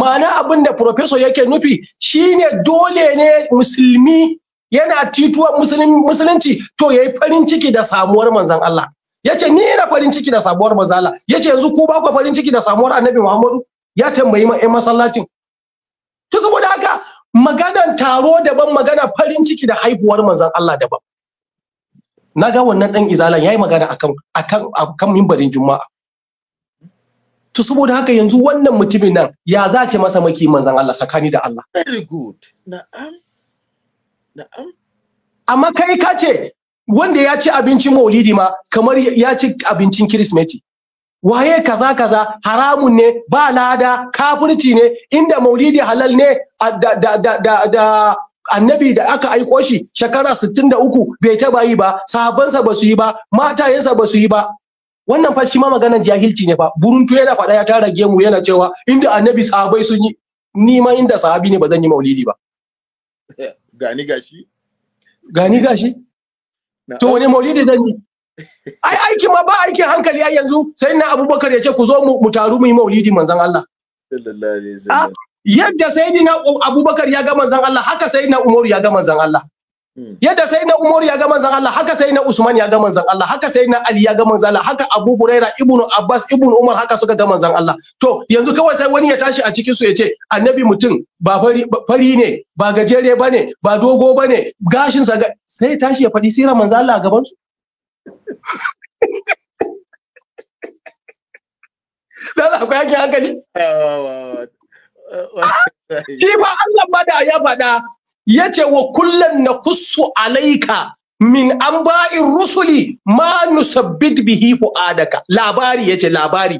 ma'ana abin da professor yake nufi shine dole ne musulmi yana tituwa musulunci to yayi farin ciki da samuwar manzon Allah yace ni ina farin ciki da samuwar manzon Allah yace yanzu ku ba ku farin ciki da samuwar annabi Muhammadu ya tambayi ma eh, masallacin to saboda haka maganan taro daban magana farin ciki da haihuwar manzon Allah daban na ga wannan dan izalan yayi magana akan akan akan mimbarin juma'a to saboda haka yanzu wannan mutumin nan ya za masa maki manzan Allah sakani da Allah very good na'am na'am amma kai ka ce wanda ya ci abincin maulidi ma kamar ya ci abincin kirismeti waye kaza kaza haramun ne ba lada kafirci ne inda maulidi halal ne da da da da annabi da aka aiko shi shekara 63 bai taba yi ba sahabbansa ba su yi ba matayensa ba su yi ba wannan fa shi ma maganar jahilci ne fa buruntu yana faɗa ya tara gemu yana cewa inda annabi sahabai sun yi ni ma inda sahabi ne ba zan yi maulidi ba gani gashi gani gashi to wani maulidi zan yi ai aiki ma ba aikin hankali ai yanzu sai na abubakar ya ce ku zo mu taru mu yi maulidi manzon Allah ah, yadda sayyidina abubakar ya ga manzon Allah haka sayyidina umaru ya ga manzon Allah yadda sai na Umar ya ga manzan Allah haka sai na Usman ya ga manzan Allah haka sai na Ali ya ga manzan Allah haka Abu Buraira ibnu Abbas ibnu Umar haka suka ga manzan Allah to yanzu kawai sai wani ya tashi a cikin su ya ce annabi mutum ba fari ne ba gajere bane ba dogo bane gashin sa sai ya tashi ya faɗi sirar manzan Allah a gaban su Dala akwai yake hankali. Shi ba Allah ba da ya faɗa yace wa kullan kusu alaika min an ba'in rusuli ma nusabbit bihi ku adaka. labari yace labari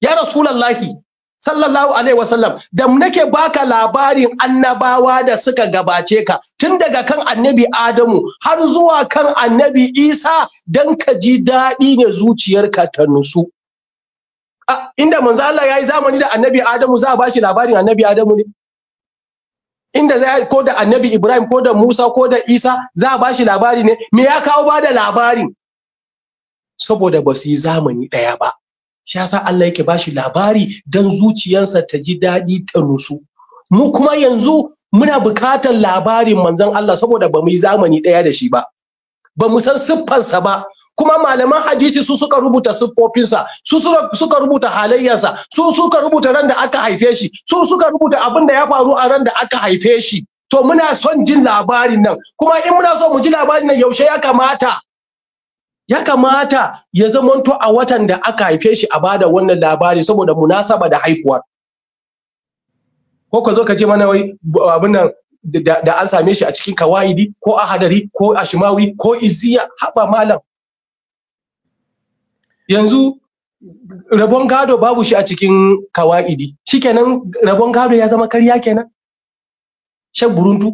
ya rasulallahi sallallahu alaihi wasallam da nake baka labarin annabawa da suka gabace ka tun daga kan annabi adamu har zuwa kan annabi isa don ka ji daɗi ne zuciyarka ta nusu inda manzo Allah ya yi zamani da annabi adamu za a bashi labarin annabi adamu ne inda za ko da annabi ibrahim ko da musa ko da isa za a bashi labari ne me ya kawo ba da labarin saboda ba su yi zamani ɗaya ba shi yasa Allah yake bashi labari don zuciyarsa ta ji daɗi ta rusu. mu kuma yanzu muna buƙatar labarin manzon Allah saboda ba mu yi zamani ɗaya da shi ba ba mu san siffansa ba kuma malaman hadisi su suka rubuta siffofinsa su suka rubuta halayyarsa su suka rubuta ran da aka haife shi su suka rubuta abin da ya faru a ran da aka haife shi to muna son jin labarin nan kuma in muna so mu ji labarin nan yaushe ya kamata ya kamata ya to a watan da aka haife shi a bada wannan labari saboda munasaba da haihuwar ko ka zo ka ce mana wai abin nan da an same shi a cikin kawaidi ko a hadari ko a shimawi ko iziya haba malam yanzu rabon gado babu shi a cikin kawa'idi shikenan rabon gado ya zama karya kenan shan buruntu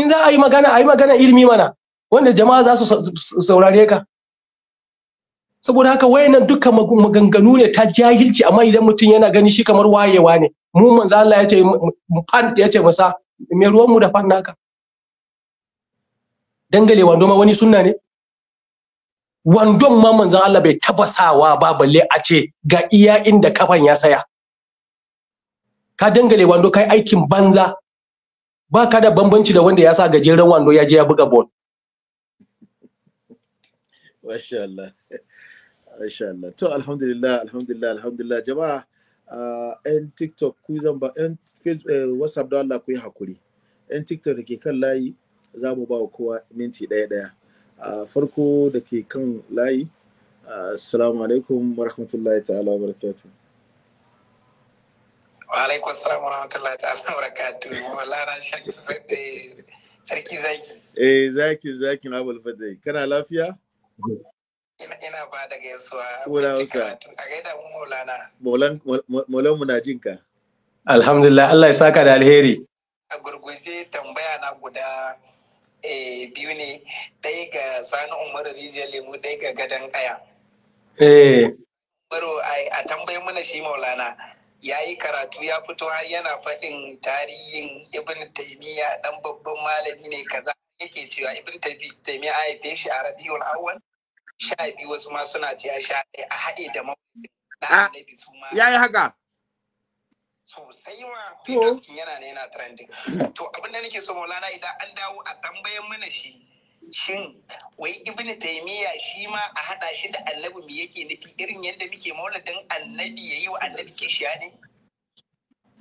in za a yi magana a yi magana ilimi mana wanda jama'a za su saurare ka saboda haka wayannan dukkan maganganu ne ta jahilci amma idan mutum yana gani shi kamar wayewa ne mu manzo Allah ya ce fan ya ce masa me ruwan mu da fan naka dangale wando wani sunna ne wandon ma manzon Allah bai taba sawa ba balle a ce ga iya inda kafan ya saya ka dangale wando kai aikin banza ba ka da bambanci da wanda ya sa gajeren wando ya je ya buga bol Masha Allah. Masha Allah. To alhamdulillah, alhamdulillah, alhamdulillah. Jama'a ah, yan TikTok ku zan ba yan eh, WhatsApp da Allah ku yi hakuri. Yan TikTok da ke kan layi za mu ba wa kowa minti ɗaya ɗaya. a farko da ke kan layi assalamu alaikum wa rahmatullahi ta'ala wa barakatu wa alaikum assalamu wa rahmatullahi ta'ala wa barakatu wallahi na shakki sarki zaki eh zaki zaki na abul fadai kana lafiya ina ba da gaisuwa wala wasa a gaida mu maulana maulan maulan mu na jin ka. alhamdulillah Allah ya saka da alheri a gurguje tambaya na guda Eh, biyu ne ɗaya ga sani umar rijiyar lemu ɗaya ga gadon kaya baro eh. a tambayi mana shi maulana ya yi karatu ya fito har yana faɗin tarihin ibn taimiyya ɗan babban malami ne kaza yake cewa ibn taimiyya a haife shi a rabiul awwal sha biyu wasu ma suna cewa sha ɗaya a haɗe da maulidi na ah, annabi ya yi haka sosai ma Peterskin yana ne yana trending to abin da nake so Maulana idan an dawo a tambayan mana shi shin wai ibnu taymiya shi ma a hada shi da annabi me yake nufi irin yadda muke mauladin annabi yayi wa annabi ke kishiya ne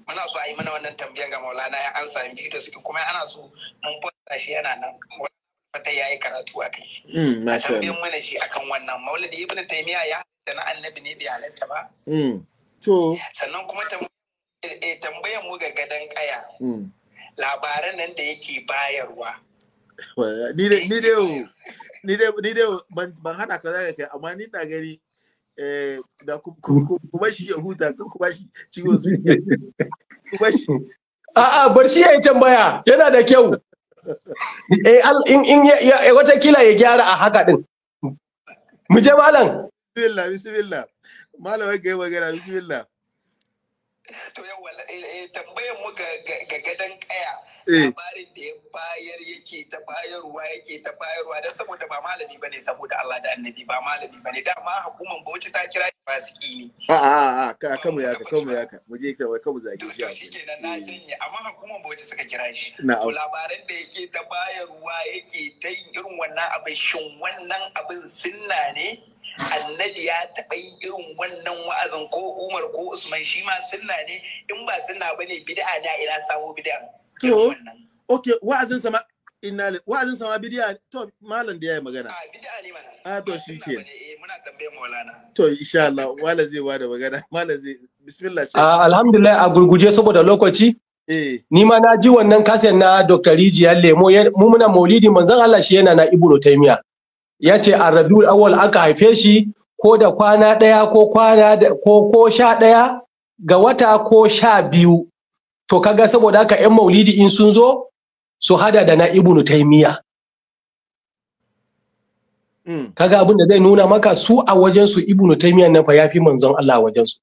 muna so a yi mana wannan tambayan ga Maulana ya ansa sami bidiyo suke kuma ana so mun fara shi yana nan fata yayi karatu a kai mm, a tambayan mana shi akan wannan maulidi ibnu taymiya ya da na annabi ne bai halatta ba mm. to sannan kuma tambayar E tambayan mu ga gadon kaya hmm. labaran nan da yake bayarwa ni dai ni dai ni dai ni dai ban hada ka zaka kai amma ni na gani eh da kuma shi ya huta kuma shi su ku ba shi a'a bar shi yayi tambaya yana da kyau eh in in eh, wata kila ya gyara a haka din mu je malam bismillah bismillah malam ga magana bismillah to yawa eh, eh, tambayar mu ga gadon kaya eh. labarin da ya bayar yake ta bayarwa yake ta bayarwa dan saboda ba malami bane saboda Allah da annabi ba malami bane dama hukumar Bauchi ta kira shi fasiki ne a a a ka ka mu yaka ka mu yaka mu je ka ka mu zage shi ke nan na janye amma hukumar Bauchi suka kira shi to labarin da yake ta bayarwa yake ta yin irin wannan abin shin wannan abin sunna ne annabi ya taɓa yin irin wannan wa'azin ko umar ko usman shi ma sunna ne in ba sunna ba ne bid'a ne ina samo bid'a ok wa'azin sama inna wa'azin sama bid'a to malam da yayi magana a bid'a ne mana a ah, to shi ke eh, muna tambayar maulana to insha Allah wala zai wada magana malam zai bismillah ah, alhamdulillah a gurguje saboda lokaci eh. Ni ma na ji wannan kaset na Dr. Rijiyar Lemo, mu muna maulidi manzon Allah shi yana na Ibro Taimiya. ya ce a rabiul awal aka haife shi ko da kwana ɗaya ko kwana ko ko sha ɗaya ga wata ko sha biyu to kaga saboda haka yan maulidi in sun zo su hada da na ibnu taymiya hmm. kaga abin da zai nuna maka su a wajen su ibnu taymiya nan fa yafi manzon Allah a wajen su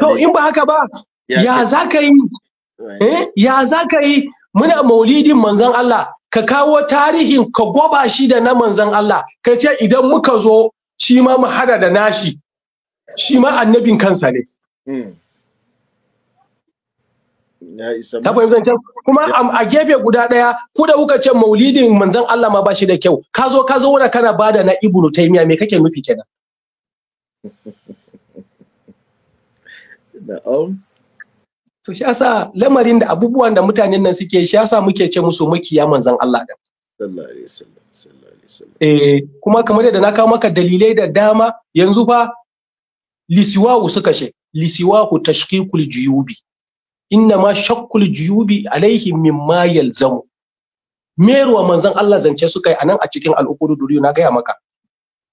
to in ba haka ba ya zaka yi eh ya zaka yi muna maulidin manzon Allah ka kawo tarihin ka goba shi da na manzan Allah ka ce idan muka zo shi ma mu hada da nashi shi ma annabin kansa ne ta hmm. fahimtar kuma a gefe guda daya ku da kuka ce maulidin manzan Allah ma ba shi da kyau ka zo ka zo kana bada na ibnu miya me kake nufi kenan na'am to shi yasa lamarin da abubuwan da mutanen nan suke shi yasa muke ce musu makiya manzon Allah da Eh, kuma kamar yadda na kawo maka dalilai da dama yanzu fa lisiwahu suka ce lisiwahu tashqiqul juyubi inna ma shakkul juyubi alaihim mimma yalzamu meruwa manzon Allah zance suka yi anan a cikin al'ukuru duriyu na gaya maka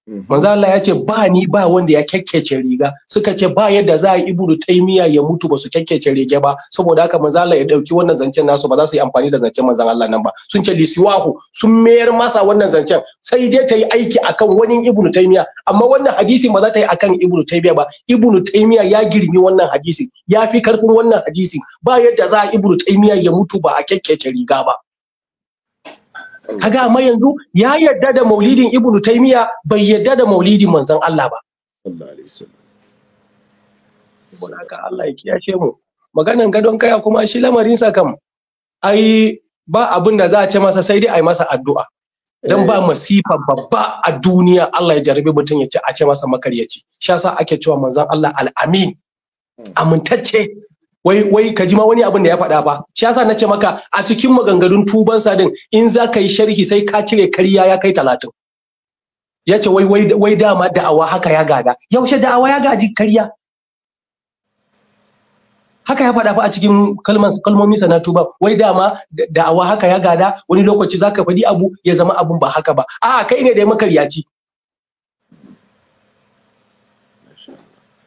Mhm. manzo Allah ya ce ba ni ba wanda ya kyakkece riga suka ce ba yadda za a ibnu taymiya ya mutu ba su kyakkece rige ba saboda haka manzo Allah ya dauki wannan zancen nasu ba za su yi amfani da zancen manzon Allah nan ba sun ce lisiwahu sun mayar masa wannan zancen sai dai ta yi aiki akan wani ibnu taymiya amma wannan hadisi ba za ta yi akan ibnu taymiya ba ibnu taymiya ya girmi wannan hadisi ya fi karfin wannan hadisi ba yadda za a ibnu taymiya ya mutu ba a kyakkece riga ba kaga amma yanzu ya yarda da maulidin ibnu taymiya bai yarda da maulidin manzon Allah ba sallallahu alaihi haka Allah ya kiyashe mu maganan gadon kaya kuma shi lamarin sa kam ai ba abin da za a ce masa sai dai ai masa addu'a dan ba eh. masifa babba a duniya Allah ya jarabe mutum ya ce a ce masa makaryaci shi yasa ake cewa manzon Allah al-amin hmm. amintacce wai wai ka ji ma wani abin da ya faɗa ba shi yasa ce maka a cikin maganganun tuban sa din in za ka yi sharhi sai ka cire kariya ya kai talatin ya ce wai wai dama da'awa haka ya gada yaushe da'awa ya gaji kariya haka ya faɗa fa a cikin kalmomi sa na tuba wai dama da'awa haka ya gada wani lokaci zaka faɗi abu ya zama abun ba haka ba a'a kai ne da makaryaci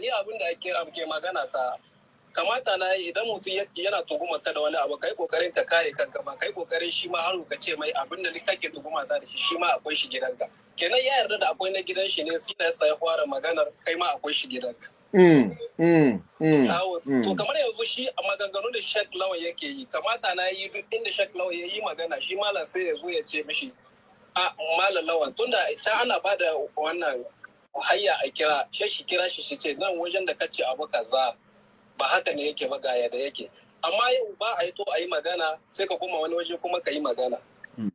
ni abin da ake magana ta kamata na idan mutum yana tuguma ka da wani abu kai kokarin ka kare kanka ba kai kokarin shi ma har ka ce mai abin da kake tuguma ta da shi shi ma akwai shi gidanka kenan ya yarda da akwai na gidan shi ne shi ne sai fara maganar kai ma akwai shi gidanka mm, mm, mm, to kamar yanzu shi a maganganu da shek lawan yake yi kamata na yi duk inda shek lawan ya yi magana shi malam sai ya zo ya ce mishi a malam lawan tunda ta ana ba da wannan haya a kira shashi kira shi shi ce nan wajen da kace abu kaza ba haka ne yake ba da yake amma yau ba a yi to a yi magana sai ka koma wani waje kuma ka yi magana hmm.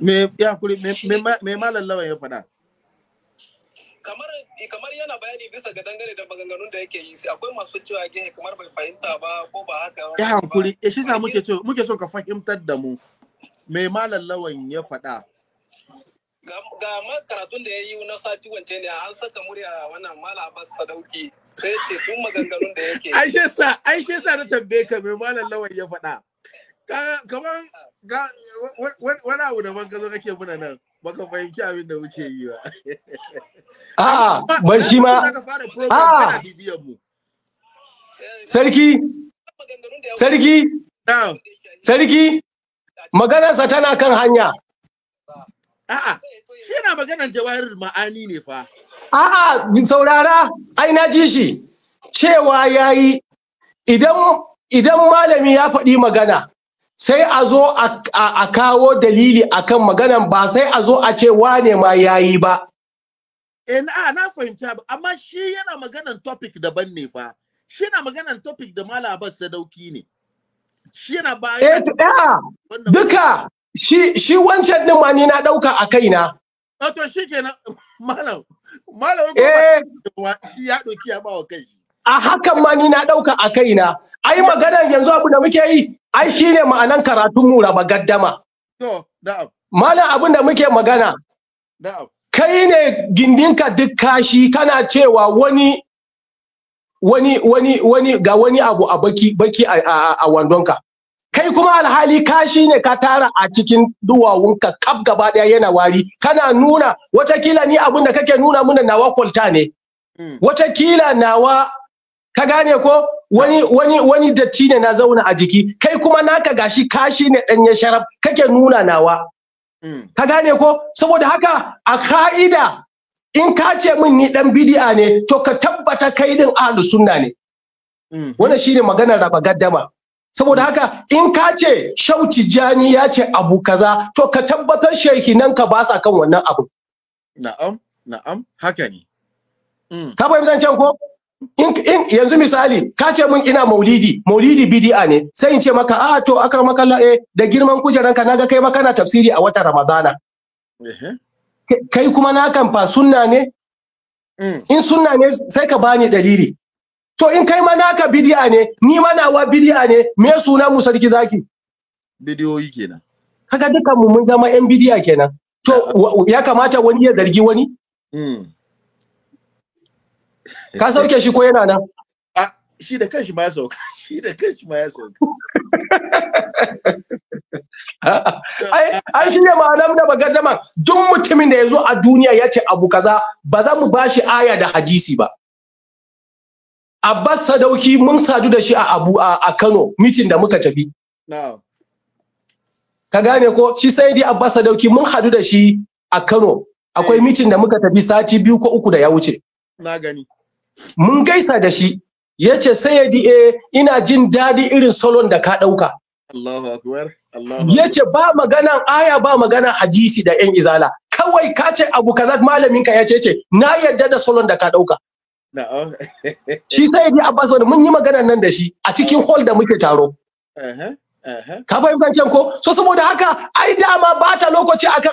me ya kuri me malam lawan ya faɗa kamar eh, kamar yana bayani bisa ga dangane da maganganun da yake yi akwai masu cewa ke kamar bai fahimta ba ko ba haka ya hankuri eh, shi sa muke so muke so ka fahimtar da mu me malam lawan ya faɗa ga karatun da ya yi na sati wance ne an saka murya wannan mala abbas sadauki sai ce tun maganganun da yake aishe sa aishe sa na tambaye ka mai malam lawan ya faɗa kaman wani abu da banka zo kake muna nan baka fahimci abin da muke yi ba a'a ban shi ma a'a sarki sarki sarki maganarsa tana kan hanya A'a, shi yana maganan jawahirar ma'ani ne fa. A'a, saurara, ai na ji shi. Cewa yayi idan idan malami ya faɗi magana sai a zo a kawo dalili akan maganan ba sai a zo a ce wane ma yi ba. E na na fahimta ba, amma shi yana maganan topic daban ne fa. Shi yana maganan topic da Sadauki ne. Shi yana eh, duka shi shi wancan din ma ni na dauka a kaina a to shikenan malam malam eh shi ya doki ya bawa kai a hakan ma ni na dauka a kaina ai maganar yanzu abu da muke yi ai shine ma'anan karatun mu raba gaddama to da'am malam abin da muke magana da'am kai ne gindinka duk kashi kana cewa wani wani wani wani ga wani abu a baki baki a, a, a, a wandonka kai kuma alhali kashi ne ka tara a cikin duwawunka kaf gaba daya yana wari kana nuna watakila ni abin da kake nuna muna nawa kwalta ne mm. watakila nawa ka gane ko wani wani wani datti ne na zauna a jiki kai kuma naka gashi kashi ne danyen sharaf kake nuna nawa mm. ka gane ko saboda haka a ka'ida in ka ce min ni dan bidi'a ne to ka tabbata kai din ahlus sunna ne mm. wannan shine maganar raba gaddama saboda haka in ka ce Shauti Jani ya ce abu kaza to ka tabbatar nan ka ba sa kan wannan abu na'am na'am haka ne mm. ka fahimta can ko in, yanzu misali ka ce mun ina maulidi maulidi bidi'a ne sai in ce maka a ah, to akar makalla eh da girman kujeranka naga kai ma kana tafsiri a watan ramadana kai kuma na kan fa sunna ne mm. in sunna ne sai ka bani dalili To in kai ma naka bidiya ne ni ma nawa bidiya ne me suna mu sarki zaki bidiyoyi kenan kaga dukan mu mun zama yan bidiya kenan to ya kamata wani ya zargi wani hmm. ka sauke shi ko yana nan shi da kanshi ma ya sauka shi da kanshi ma ya sauka ai shi ne ma'anar da bagar duk mutumin da ya zo a duniya ya ce abu kaza ba za mu bashi aya da hadisi ba Abbas Sadauki mun sadu da shi a Abu a Kano mitin da muka tafi. Ka gane ko shi sai dai Abbas Sadauki mun hadu da shi a Kano akwai eh. mitin da muka tafi sati biyu ko uku da ya wuce. Na gani. Mun gaisa da shi ya ce sai eh, ina jin daɗi irin salon da ka ɗauka. Allahu akbar. Ya ce ba maganan aya ba maganan hadisi da ‘yan izala. Kawai ka ce abu kaza malamin ka ya ce ce na yarda da salon da ka ɗauka. Shi sai Idi Abbas wani mun yi magana nan da shi a cikin hall da muke taro. Ka fahimtar can ko? So saboda haka ai dama ba ta lokaci akan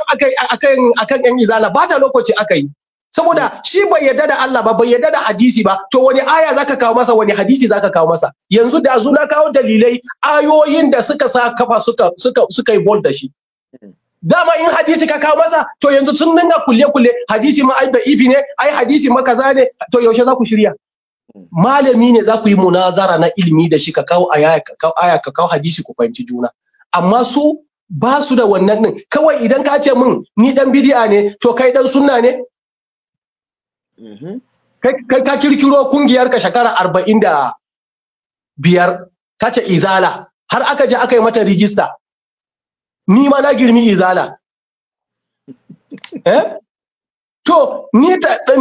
akan akan yan izala ba ta lokaci aka yi. Saboda shi bai yarda da Allah ba bai yarda da hadisi ba to wani aya zaka kawo masa wani hadisi zaka kawo masa yanzu da na kawo dalilai ayoyin da suka sa kafa suka suka suka yi bold da shi. Hmm. dama in hadisi ka kawo masa to yanzu sun dinga kulle kulle hadisi ma ai ifi ne ai hadisi ma kaza ne to yaushe za ku shirya malami ne za ku yi munazara na ilimi da shi ka kawo aya ka kawo hadisi ku fahimci juna amma su ba su da wannan din kawai idan ka ce min ni dan bidi'a ne to kai dan sunna ne mm-hmm. kai ka kirkiro kungiyar ka shekara arba'in da biyar ta ce izala har aka je aka yi mata rijista ni ma na girmi izala eh to ni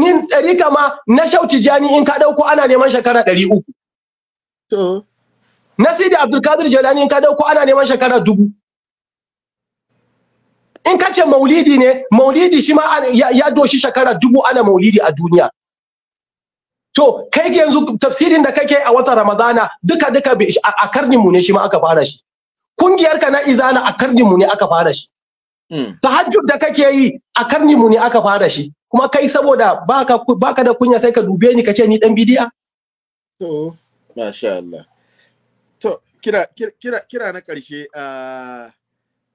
ni ɗarika ma na shauci jani in ka dauko ana neman shekara ɗari uku to na sidi abdul kadir jalani in ka dauko ana neman shekara dubu in ka ce maulidi ne maulidi shi ma ya doshi shekara dubu ana maulidi a duniya to kai yanzu tafsirin da kake a watan ramadana duka duka a karni mu ne shi ma aka fara shi kungiyar ka na izala a karni mu ne aka fara shi hmm. tahajjud da kake yi a karni mu ne aka fara shi kuma kai saboda baka baka da kunya sai ka dube ni kace ni dan bidiya to masha Allah to kira kira kira na karshe a ah,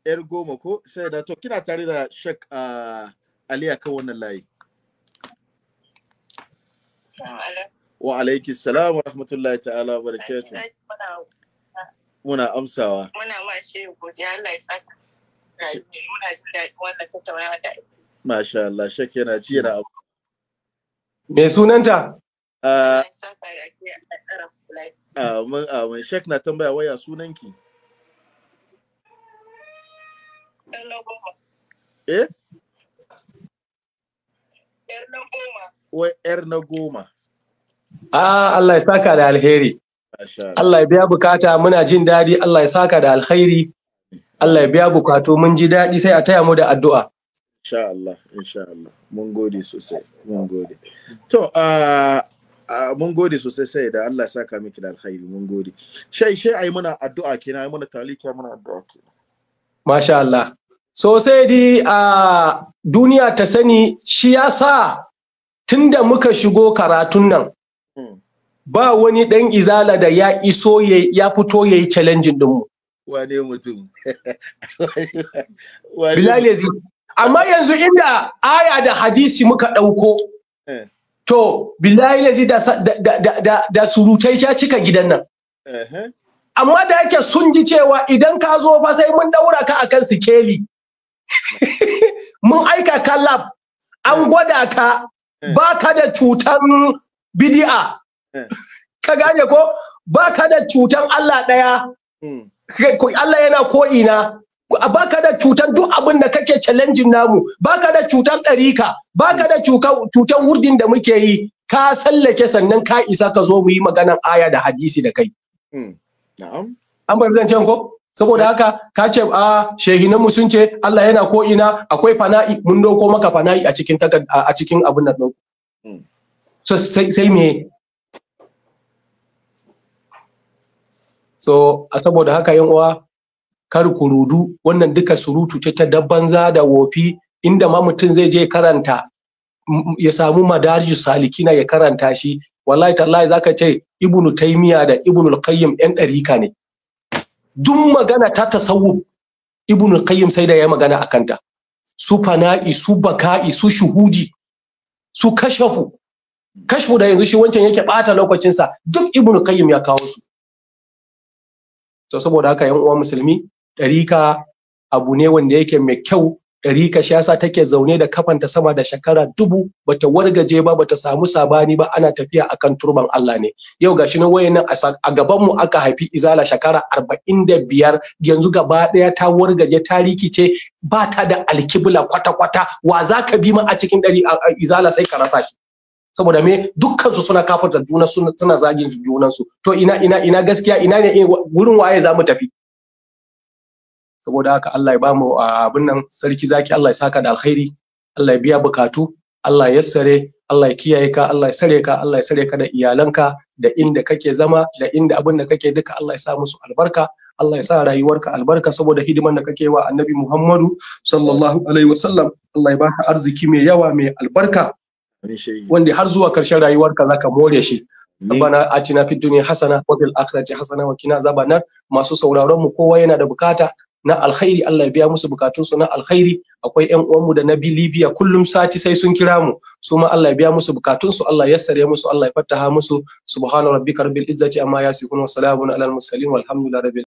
yar goma ko sai da to kira tare da shek ah, Ali akan wannan layi wa alaikis salam wa rahmatullahi ta'ala wa barakatuh Muna amsawa. Muna ma shi godiya Allah ya saka. Muna jin daɗi wannan tattaunawa da ake. Masha Allah, shak yana ci yana abu. Me sunanta? Ah, amin, amin. Shek na tambaya waya sunanki? Eh? Yar na goma. Ah, Allah ya saka da alheri. Allah ya biya bukata muna jin daɗi Allah ya saka da alkhairi Allah ya biya bukato mun ji daɗi sai a taya mu da addu'a insha Allah insha Allah mun gode sosai mun gode to a mun gode sosai sai da Allah ya saka miki da alkhairi mun gode shai shai ai muna addu'a kina, ai muna talika muna addu'a kina. masha Allah sosai di a duniya ta sani shi yasa tunda muka shigo karatun nan ba wani ɗan izala da ya iso ya fito ya yi challenging dinmu wane mutum bilal yazi amma yanzu inda aya da hadisi muka ɗauko, eh. to bilal yazi da da surutai ya cika gidan nan amma da yake sun ji cewa idan ka zo fa sai mun daura ka akan sikeli mun aika ka lab an eh. gwada ka eh. ba ka da cutan bidi'a Eh. ka gane ko ba ka da cutan Allah ɗaya hmm. Allah yana ko'ina ba ka da cutan duk abin da kake challenging namu ba ka da cutan ɗarika ba ka da cutan wurdin da muke yi ka sallake sannan ka isa ka zo mu yi maganan aya da hadisi da kai hmm. an zan ce ko saboda haka ka ce a shehinanmu sun ce Allah yana ko'ina, ina akwai fana'i mun doko maka fana'i a cikin abin nan hmm. sai me so saboda haka yan uwa kar ku rudu wannan duka surutu ce ta banza da wofi inda ma mutum zai je karanta ya samu madarijus salikina ya karanta shi wallahi tallahi zaka ce ibnu taymiya da ibnu qayyim yan ɗarika ne duk magana ta tasawuf ibnu qayyim sai da ya magana akan ta su fana'i su baka'i su Shuhudi, su kashafu kashfu da yanzu shi wancan yake bata lokacinsa duk ibnu qayyim ya kawo su to saboda haka yan uwa musulmi ɗarika abu ne wanda yake mai kyau ɗarika shi yasa take zaune da kafanta sama da shakara dubu bata wargaje ba bata samu sabani ba ana tafiya akan turban Allah ne yau gashi na wayan nan a gaban mu aka haifi izala shakara arba'in da biyar yanzu gaba ɗaya ta wargaje ta ce. ba ta da alkibla kwata-kwata wa za ka bi ma a cikin ɗari izala sai ka rasa shi saboda me dukkan su suna kafarta juna suna zagin junan su to ina ina ina gaskiya ina ne gurin waye za mu tafi saboda haka Allah ya ba mu abin nan sarki zaki Allah ya saka da alkhairi Allah ya biya bukatu Allah ya yassare Allah ya kiyaye ka Allah ya sare ka Allah ya sare ka da iyalanka da inda kake zama da inda abin da kake duka Allah ya sa musu albarka Allah ya sa rayuwarka albarka saboda hidiman da kake wa Annabi Muhammadu sallallahu alaihi wasallam Allah ya baka arziki mai yawa mai albarka wanda har zuwa karshen rayuwarka ka more shi bana a na fitu ne hasana wa fil ce hasana wa zaba nan? masu sauraron mu kowa yana da bukata na alkhairi Allah ya biya musu su na alkhairi akwai uwan uwanmu da na Libya kullum sati sai sun kira mu su ma Allah ya biya musu su Allah ya yassare musu Allah ya fattaha musu subhana rabbika rabbil izzati amma yasifun wa salamun alal mursalin walhamdulillahi